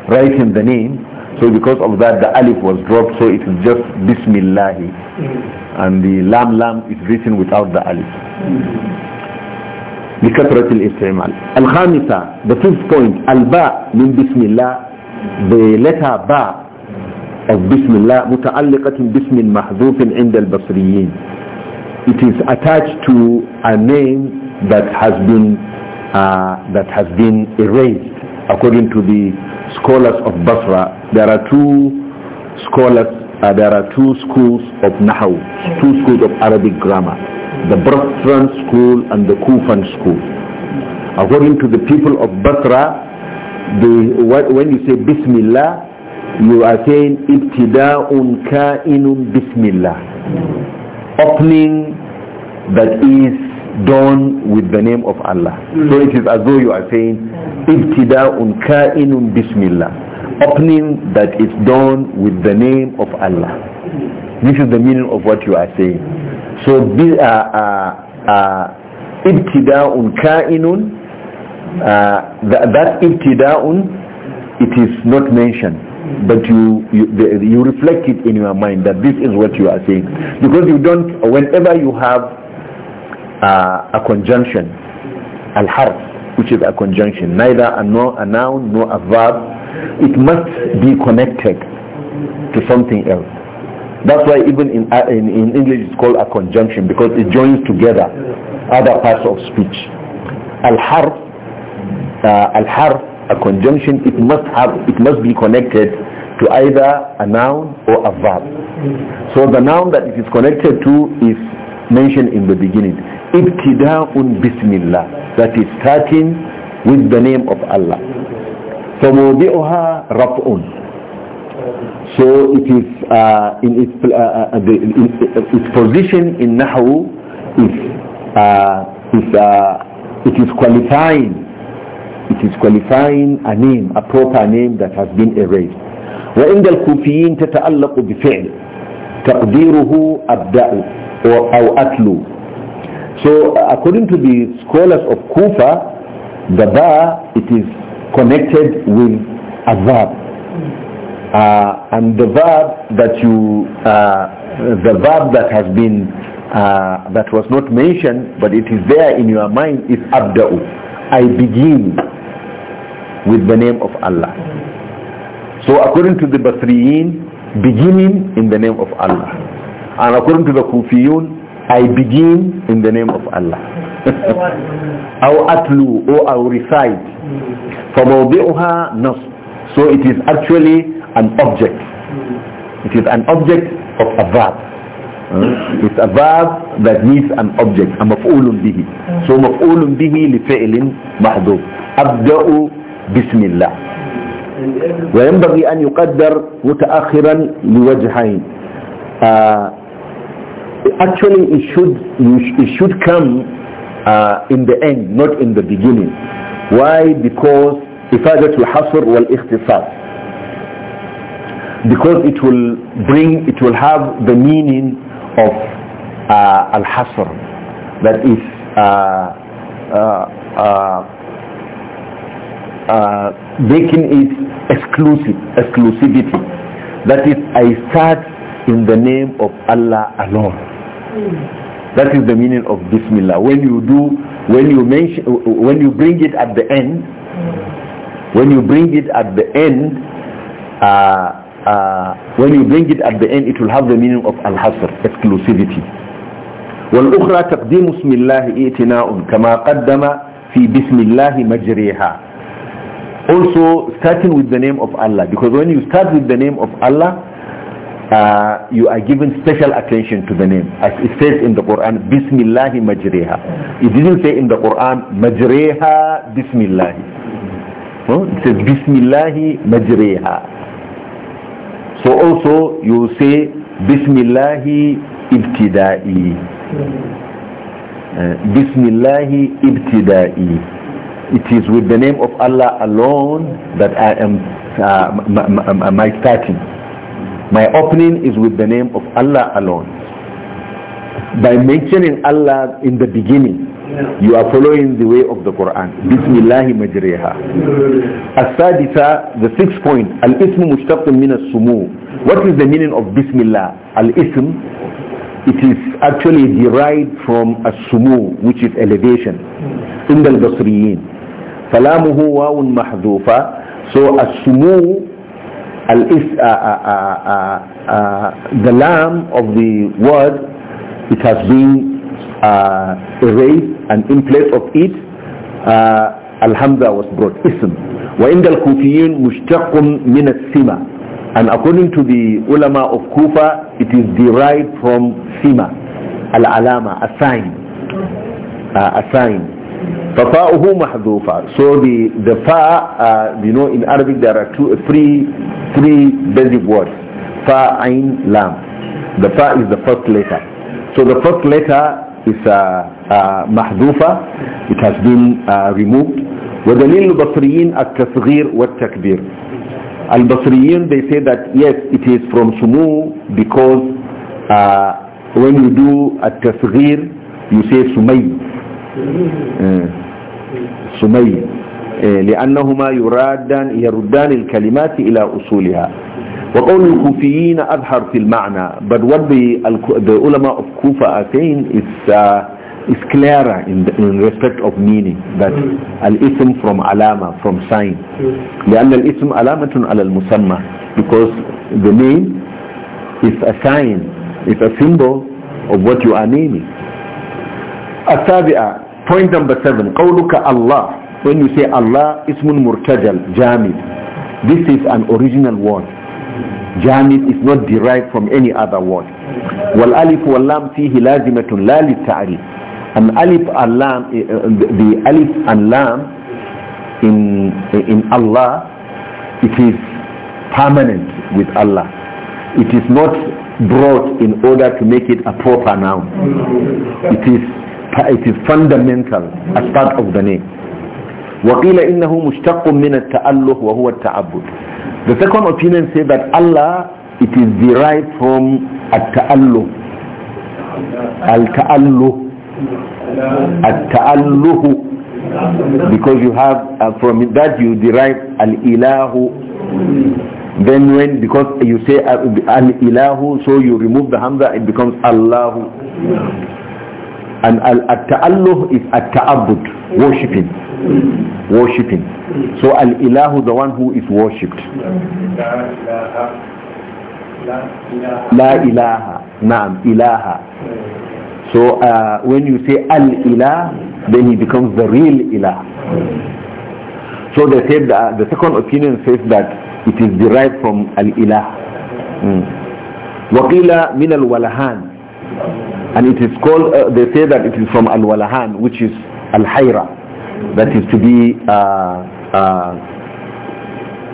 writing the name, so because of that, the alif was dropped, so it is just Bismillah. And the lam lam is written without the alif. لكثرة الاستعمال الخامسة the fifth point الباء من بسم الله the letter باء of بسم الله متعلقة باسم محذوف عند البصريين it is attached to a name that has been uh, that has been erased according to the scholars of Basra there are two scholars, uh, there are two schools of Nahaw, two schools of Arabic grammar, the Basran school and the Kufan school. According to the people of Basra, the, when you say Bismillah, you are saying ibtida'un ka'inun bismillah opening that is done with the name of Allah so it is as though you are saying ibtida'un ka'inun bismillah opening that is done with the name of Allah. This is the meaning of what you are saying. So uh, uh, uh, ibtida'un uh, ka'inun, uh, uh, that ibtida'un, it is not mentioned. But you, you, you reflect it in your mind that this is what you are saying. Because you don't, whenever you have a conjunction, al-harf, which is a conjunction, neither a, no, a noun nor a verb, it must be connected to something else. That's why even in, uh, in, in English it's called a conjunction because it joins together other parts of speech. Al-harf, uh, al-harf, a conjunction, it must have, it must be connected to either a noun or a verb. So the noun that it is connected to is mentioned in the beginning. Ibtida'un bismillah, that is starting with the name of Allah. فموضعها رفع so it is uh, in its, uh, uh the, uh, its position in Nahu is, uh, is uh, it is qualifying it is qualifying a name a proper name that has been erased وعند الكوفيين تتعلق بفعل تقديره أبدأ أو أتلو so according to the scholars of Kufa the ba it is connected with a verb. Uh, and the verb that you, uh, the verb that has been, uh, that was not mentioned, but it is there in your mind is abda'u. I begin with the name of Allah. So according to the Basriyin, beginning in the name of Allah. And according to the Kufiyun, I begin in the name of Allah. أو أتلو or I will recite فَمَوْضِعُهَا نَصْ So it is actually an object. It is an object of a verb. Uh, it's a verb that needs an object. A مفعول به. So مفعول به لفعل محذوف. أبدأ بسم الله. وينبغي أن يقدر متأخرا لوجهين. Uh, actually it should, it should come uh, in the end, not in the beginning. Why? Because إفادة الحصر والاختصاص because it will bring, it will have the meaning of uh, al-hasr, that is uh, uh, uh, uh making it exclusive, exclusivity. That is, I start in the name of Allah alone. Hmm. That is the meaning of Bismillah. When you do when you mention when you bring it at the end when you bring it at the end uh, uh, when you bring it at the end it will have the meaning of al-hasr exclusivity والأخرى تقديم اسم الله ائتناء كما قدم في بسم الله مجريها also starting with the name of Allah because when you start with the name of Allah uh, you are given special attention to the name. As it says in the Quran, Bismillahi Majreha. It didn't say in the Quran, Majreha Bismillahi. No? It says Bismillahi Majreha. So also you will say Bismillahi Ibtida'i. Uh, Bismillahi Ibtida'i. It is with the name of Allah alone that I am uh, my starting. My opening is with the name of Allah alone. By mentioning Allah in the beginning, you are following the way of the Quran. Bismillah majriha. As-sadisa, the sixth point, al-ism mushtaqun min What is the meaning of Bismillah? Al-ism, it is actually derived from as-sumu, which is elevation. In Basriyin. Salamuhu un mahdufa. So as-sumu uh, uh, uh, the lamb of the word, it has been erased and in place of it, Alhamdulillah was brought, Ism. وعند الكوفيين مشتق من السمة and according to the ulama of Kufa it is derived from sima al-alama a sign uh, a sign Fafa'uhu mahdufa. So the, the fa, uh, you know, in Arabic there are two, uh, three, three basic words. Fa, ain, lam. The fa is the first letter. So the first letter is uh, uh, It has been uh, removed. ودليل البصريين التصغير والتكبير. Al-Basriyin, they say that yes, it is from Sumu because uh, when you do a tasghir, you say Sumay. سمي لأنهما يرادان يردان الكلمات إلى أصولها وقول الكوفيين أظهر في المعنى but what the, the ulama of Kufa are saying is uh, is clearer in, the, in respect of meaning that al-ism from alama from sign لأن الاسم علامة على المسمى because the name is a sign is a symbol of what you are naming السابعة Point number seven, قولك Allah. When you say Allah, ismun murtajal, jamid. This is an original word. Jamid is not derived from any other word. والالف واللام فيه لازمة لا للتعريف. An alif and lam, eh, eh, the alif and lam in, in Allah, it is permanent with Allah. It is not brought in order to make it a proper noun. It is it is fundamental as part of the name وقيل إنه مشتق من التأله وهو التعبد the second opinion say that Allah it is derived from التأله التأله التأله because you have uh, from that you derive al-ilahu then when because you say al-ilahu uh, so you remove the hamza it becomes allahu and al-ta'alluh is at-ta'abbud, worshipping. Worshipping. So al-ilahu, the one who is worshipped. La ilaha. Naam, ilaha. So uh, when you say al-ilah, then he becomes the real ilah. So they said, that uh, the second opinion says that it is derived from al-ilah. Mm. وقيل من الولهان and it is called, uh, they say that it is from Al-Walahan, which is Al-Hayra, that is to be uh, uh,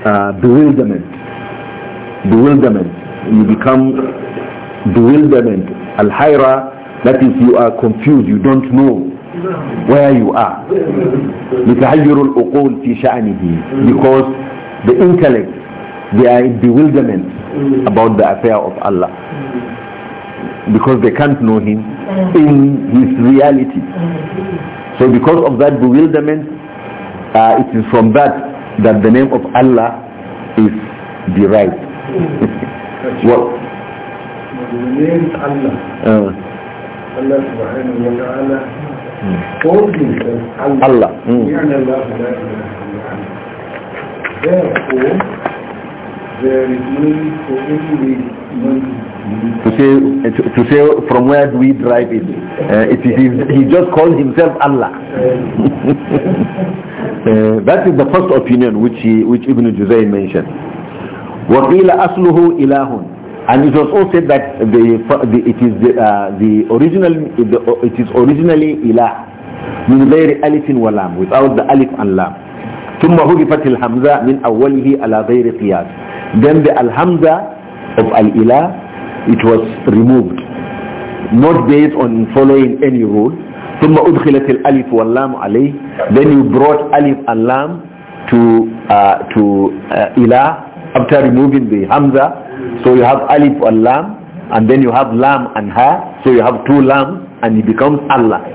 uh bewilderment. Bewilderment. You become bewilderment. Al-Hayra, that is you are confused, you don't know where you are. because the intellect they are in bewilderment about the affair of Allah because they can't know him in his reality. So because of that bewilderment, uh, it is from that that the name of Allah is derived. what? The name Allah. Allah subhanahu wa ta'ala. Allah. Therefore, there is no need for any to say to say from where do we drive it? Uh, it is he just called himself Allah. uh, that is the first opinion which he, which Ibn Juzay mentioned. وَقِيلَ أَصْلُهُ إِلَهٌ and it was also said that the, the it is the, uh, the original the, it is originally ilah من غير ألف ولام without the alif and lam ثم حذفت من أوله على غير قياس then the alhamza of al-ilah it was removed not based on following any rule ثم أدخلت الألف واللام عليه then you brought alif and lam to uh, to uh, ila after removing the hamza so you have alif and lam and then you have lam and ha so you have two lam and it becomes Allah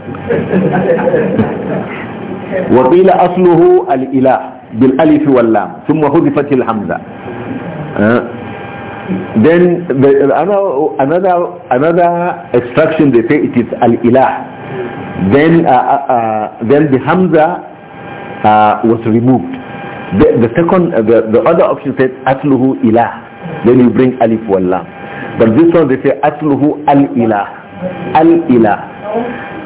وقيل أصله الإله بالألف واللام ثم حذفت الحمزة uh, then the, another, another, another extraction they say it is al-ilah. Then, uh, uh, uh then the hamza uh, was removed. The, the second, uh, the, the other option said atluhu ilah. Then you bring alif wal lam. But this one they say atluhu al-ilah. Al-ilah.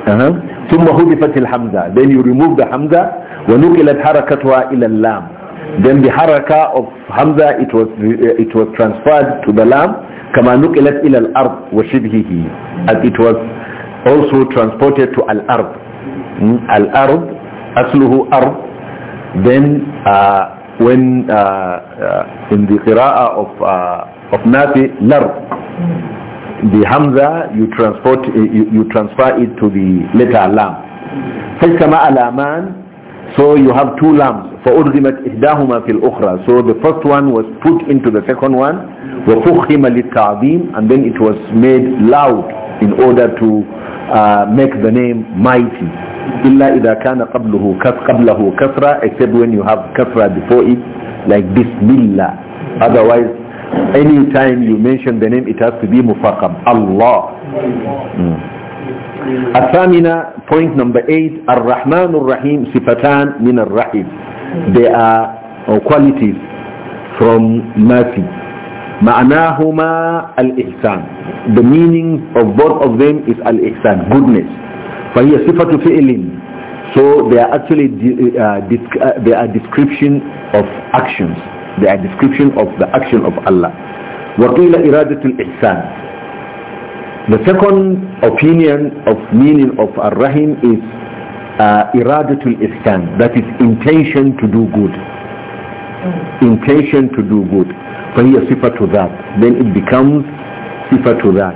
Uh-huh. ثم هدفت الحمزة then you remove the hamza ونقلت حركتها إلى اللام then the haraka of Hamza, it was, uh, it was transferred to the lam. كما نقلت إلى الأرض وشبهه and it was also transported to al-ard hmm? al-ard asluhu ard then uh, when uh, uh, in the qira'a of uh, of nafi the hamza you transport uh, you, you transfer it to the letter lam فكما alaman so you have two lambs. فَأُرْغِمَتْ إِحْدَاهُمَا فِي الْأُخْرَى So the first one was put into the second one. وَفُخِّمَ لِلْتَعْظِيمِ And then it was made loud in order to uh, make the name mighty. إِلَّا إِذَا كَانَ قَبْلُهُ قَبْلَهُ Except when you have kafra before it, like Bismillah. Otherwise, any time you mention the name, it has to be mufakam. Allah. Mm. الثامنة point number eight الرحمن الرحيم صفتان من الرحيم they are uh, qualities from mercy معناهما الإحسان the meaning of both of them is الإحسان goodness فهي صفة فعل so they are actually uh, uh, they are description of actions they are description of the action of Allah وقيل إرادة الإحسان the second opinion of meaning of Ar-Rahim is uh, iradatul ihsan, that is intention to do good. Intention to do good. فهي صفة to that. Then it becomes صفة to that.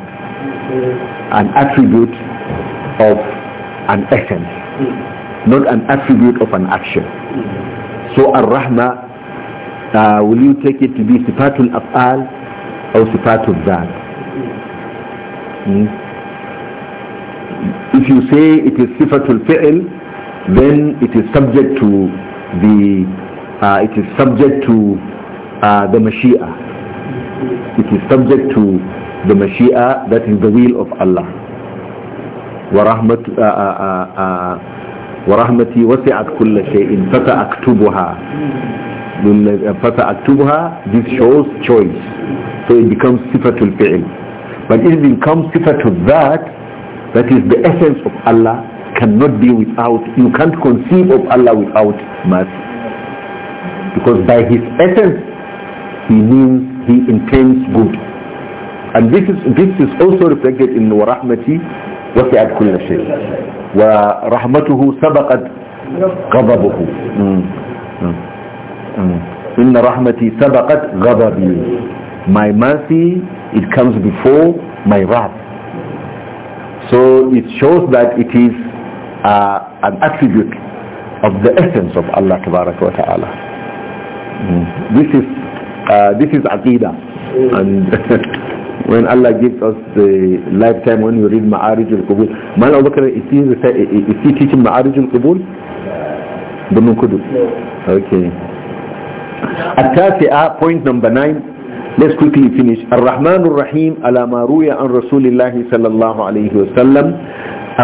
An attribute of an essence, not an attribute of an action. So Ar-Rahma, uh, will you take it to be all or أو صفات that? Hmm? If you say it is sifatul fi'l, then it is subject to the uh, it is subject to uh, the mashia. It is subject to the mashia that is the will of Allah. ورحمة ورحمتي وسعت كل شيء فتأكتبها فتأكتبها this shows choice so it becomes صفة الفعل but it becomes deeper to that, that is the essence of Allah, cannot be without, you can't conceive of Allah without mercy. Because by his essence, he means, he intends good. And this is, this is also reflected in rahmati وَرَحْمَتِي وَسِعَتْ كُلَّ شَيْءٍ وَرَحْمَتُهُ سَبَقَتْ غَضَبُهُ mm. Mm. Inna rahmati سَبَقَتْ غَضَبِي my mercy, it comes before my wrath. So it shows that it is uh, an attribute of the essence of Allah wa Ta'ala. Mm. This is uh, this is Aqidah. And when Allah gives us the lifetime when you read Ma'arij al-Qubul, Man Abu Bakr, is he teaching Ma'arij al-Qubul? The Okay. at point number nine, Let's quickly finish. Ar-Rahman ar-Rahim ala ma ruya an Rasulillah sallallahu alayhi wa sallam.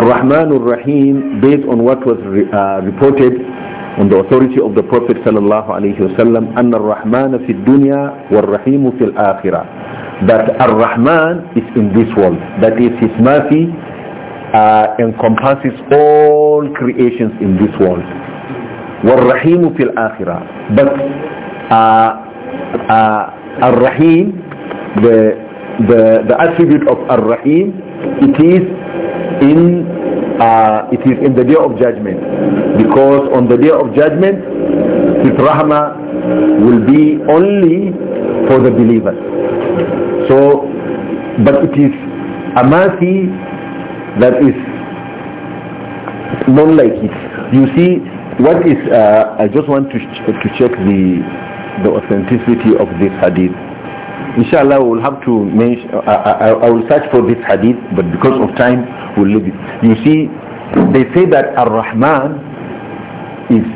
Ar-Rahman ar-Rahim based on what was uh, reported on the authority of the Prophet sallallahu alayhi wa sallam anna ar-Rahman fi dunya war-Rahim fi al-akhirah. That ar-Rahman is in this world. That is his mercy uh, encompasses all creations in this world. War-Rahim fi al-akhirah. But uh, uh, Ar-Rahim, the, the, the attribute of Ar-Rahim, it is in uh, it is in the day of judgment because on the day of judgment his rahmah will be only for the believers so but it is a mercy that is not like it you see what is uh, I just want to, to check the the authenticity of this hadith. Inshallah, we'll have to mention, I, uh, I, uh, uh, I, will search for this hadith, but because of time, we'll leave it. You see, they say that Ar-Rahman is,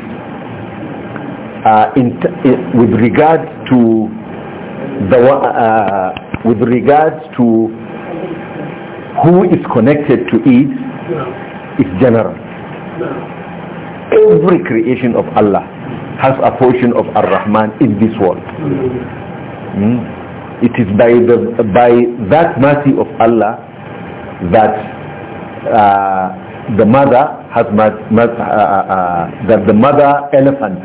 uh, in, uh, with regard to the, uh, with regards to who is connected to it, is general. Every creation of Allah has a portion of Ar-Rahman in this world. Mm. It is by, the, by that mercy of Allah that uh, the mother has mer- mer- uh, uh, uh, that the mother elephant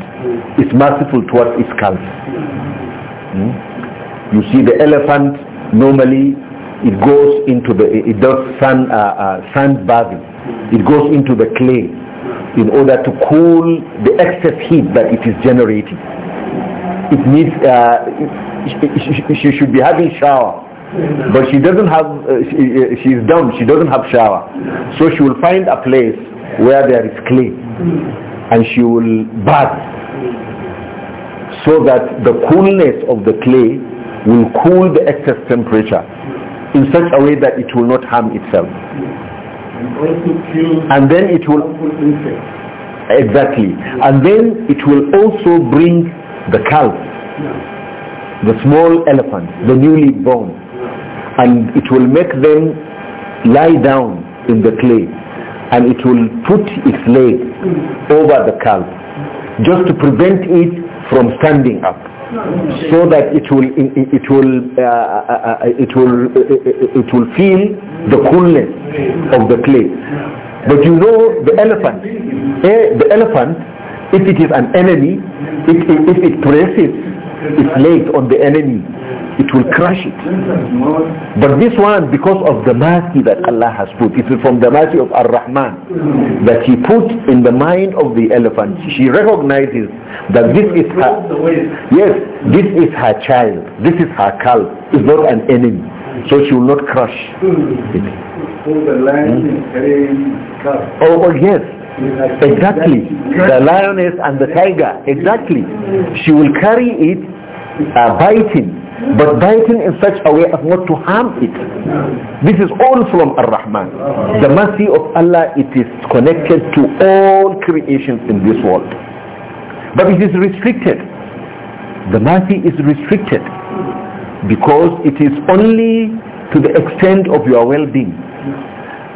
is merciful towards its calf. Mm. You see, the elephant normally it goes into the it does sand uh, uh, sand bathing. It goes into the clay in order to cool the excess heat that it is generating. It needs, uh, she should be having shower. But she doesn't have, uh, uh, she, is dumb, she doesn't have shower. So she will find a place where there is clay and she will bath so that the coolness of the clay will cool the excess temperature in such a way that it will not harm itself. And then it will... Exactly. And then it will also bring the calf, the small elephant, the newly born. And it will make them lie down in the clay. And it will put its leg over the calf just to prevent it from standing up so that it will it will uh, uh, uh it will uh, it will feel the coolness of the clay but you know the elephant eh, the elephant if it is an enemy if, if it presses its legs on the enemy it will crush it. But this one, because of the mercy that Allah has put, it is from the mercy of Ar-Rahman that He put in the mind of the elephant. She recognizes that this is her, yes, this is her child, this is her calf, it's not an enemy. So she will not crush it. Hmm? Oh, oh yes, exactly. The lioness and the tiger, exactly. She will carry it uh, biting but biting in such a way as not to harm it. This is all from Ar-Rahman. The mercy of Allah, it is connected to all creations in this world. But it is restricted. The mercy is restricted because it is only to the extent of your well-being.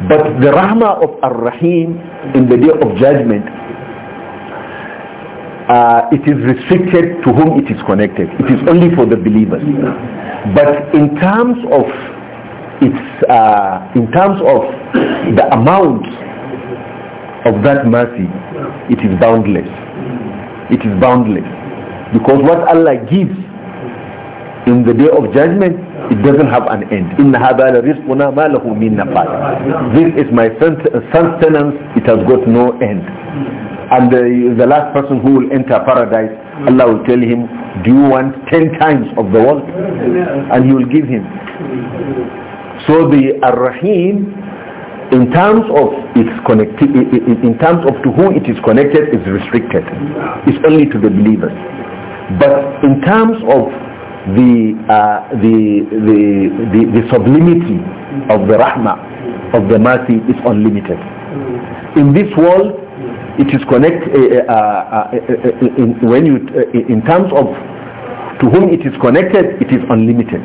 But the rahmah of Ar-Rahim in the day of judgment uh, it is restricted to whom it is connected. It is only for the believers. But in terms of its, uh, in terms of the amount of that mercy, it is boundless. It is boundless. Because what Allah gives in the day of judgment, it doesn't have an end. This is my sustenance, uh, it has got no end and the, the last person who will enter paradise, Allah will tell him, do you want 10 times of the wealth? And he will give him. So the Ar-Rahim, in terms of its connectivity, in terms of to whom it is connected, is restricted. It's only to the believers. But in terms of the, uh, the, the, the, the sublimity of the rahmah, of the mercy, is unlimited. In this world, it is connect eh, eh, uh, uh, eh, in, when you in terms of to whom it is connected it is unlimited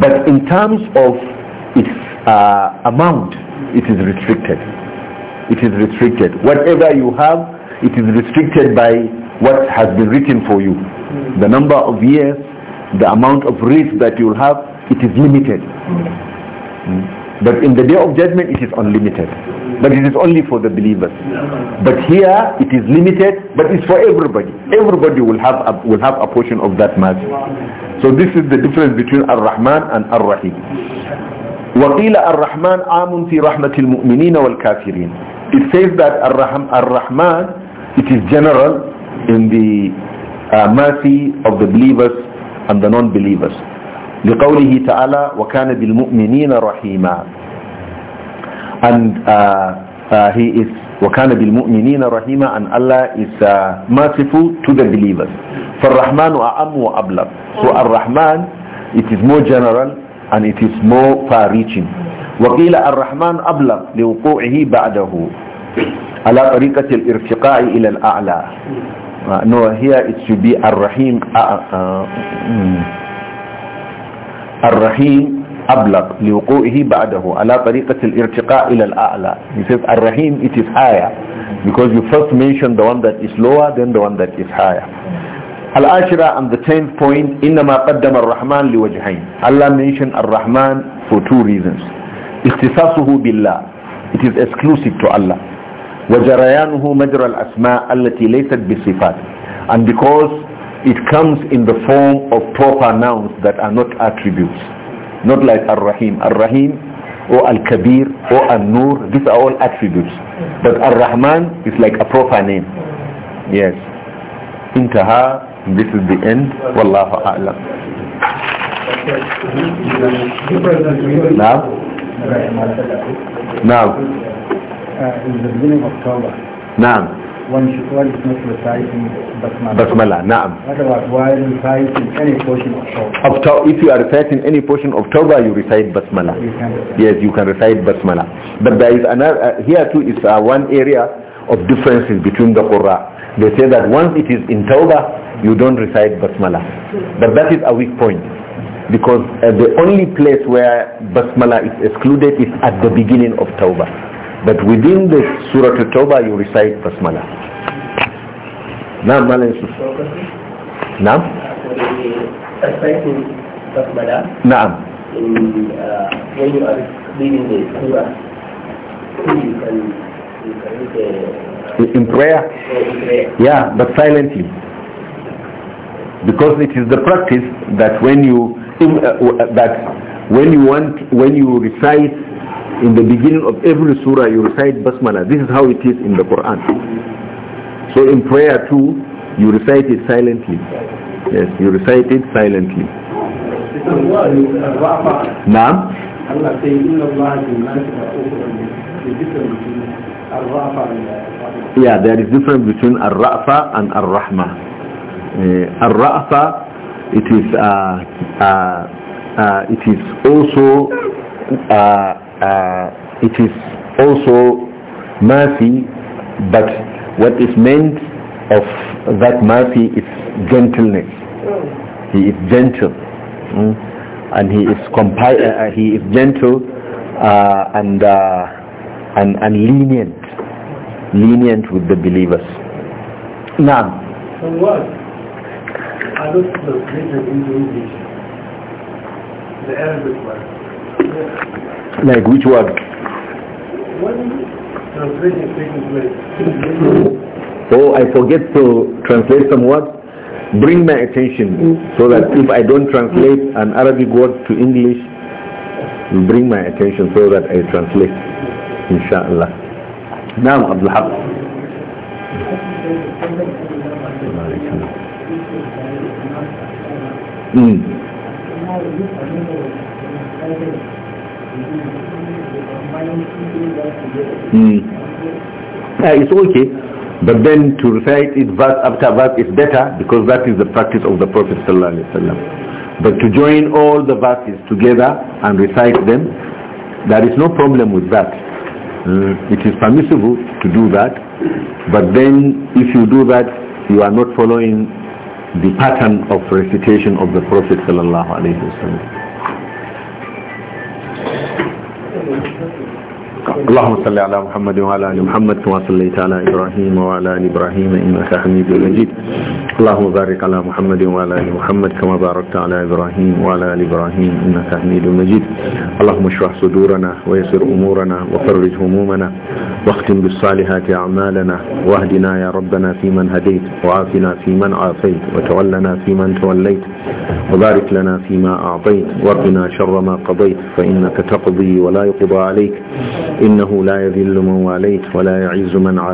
but in terms of its uh, amount it is restricted it is restricted whatever you have it is restricted by what has been written for you the number of years the amount of risk that you'll have it is limited mm. But in the day of judgment, it is unlimited. But it is only for the believers. But here, it is limited, but it's for everybody. Everybody will have a, will have a portion of that mercy. So this is the difference between Ar-Rahman and Ar-Rahim. وَقِيلَ Ar-Rahman عَامٌ فِي رَحْمَةِ الْمُؤْمِنِينَ وَالْكَافِرِينَ It says that Ar-Rahman, it is general in the uh, mercy of the believers and the non-believers. لقوله تعالى وكان بالمؤمنين رحيما and uh, uh, he is وكان بالمؤمنين رحيما أن Allah is uh, merciful to the believers فالرحمن أعم وأبلغ so الرحمن it is more general and it is more far reaching وقيل الرحمن أبلغ لوقوعه بعده على طريقة الارتقاء إلى الأعلى uh, no here it should be الرحيم uh, uh, mm. الرحيم أبلغ لوقوعه بعده على طريقة الارتقاء إلى الأعلى he says الرحيم it is higher because you first mention the one that is lower then the one that is higher العاشرة and the tenth point إنما قدم الرحمن لوجهين Allah mentioned الرحمن for two reasons اختصاصه بالله it is exclusive to Allah وجريانه مجرى الأسماء التي ليست بالصفات and because it comes in the form of proper nouns that are not attributes. Not like Ar-Rahim. Ar-Rahim or Al-Kabir or An-Nur, these are all attributes. But Ar-Rahman is like a proper name. Yes. Intaha, this is the end. Wallahu A'lam. Now? Now? Uh, in the beginning of October. Now? one should one is not reciting basmala. Basmala, na'am. Otherwise, reciting any portion of Tawbah? if you are reciting any portion of Tawbah, you recite basmala. Yes, you can recite basmala. But there is another, uh, here too is uh, one area of differences between the Qur'an. They say that once it is in Tawbah, you don't recite basmala. But that is a weak point. Because uh, the only place where basmala is excluded is at the beginning of Tawbah. But within the Surah At-Tawbah, you recite Basmala. Naam, Malam Yusuf. Naam? Naam. In, when you are reading the Surah, you can, In prayer? Yeah, but silently. Because it is the practice that when you, in, uh, that when you want when you recite in the beginning of every surah you recite basmala this is how it is in the quran so in prayer too you recite it silently yes you recite it silently now yeah there is difference between ar-ra'fa and ar-rahma uh, ar-ra'fa it is a. Uh, uh, uh, it is also uh, uh, it is also mercy, but what is meant of that mercy is gentleness. He is gentle, mm? and he is compi- uh, he is gentle uh, and and and lenient, lenient with the believers. Now. So what? I don't know, the Arabic one. Yeah. Like which word? Oh, I forget to translate some words. Bring my attention so that if I don't translate an Arabic word to English, bring my attention so that I translate. Inshallah. Now, Abdul Haq. Mm. Mm. Yeah, it's okay. But then to recite it verse after verse is better because that is the practice of the Prophet But to join all the verses together and recite them, there is no problem with that. Mm. It is permissible to do that. But then if you do that, you are not following the pattern of recitation of the Prophet Wasallam. اللهم صل على محمد وعلى ال محمد كما صليت على ابراهيم وعلى ال ابراهيم انك حميد مجيد اللهم بارك على محمد وعلى ال محمد كما باركت على ابراهيم وعلى ال ابراهيم انك حميد مجيد اللهم اشرح صدورنا ويسر امورنا وفرج همومنا واختم بالصالحات اعمالنا واهدنا يا ربنا فيمن هديت وعافنا فيمن عافيت وتولنا فيمن توليت وبارك لنا فيما اعطيت وقنا شر ما قضيت فانك تقضي ولا يقضى عليك إنه لا يذل من واليت ولا يعز من عاديت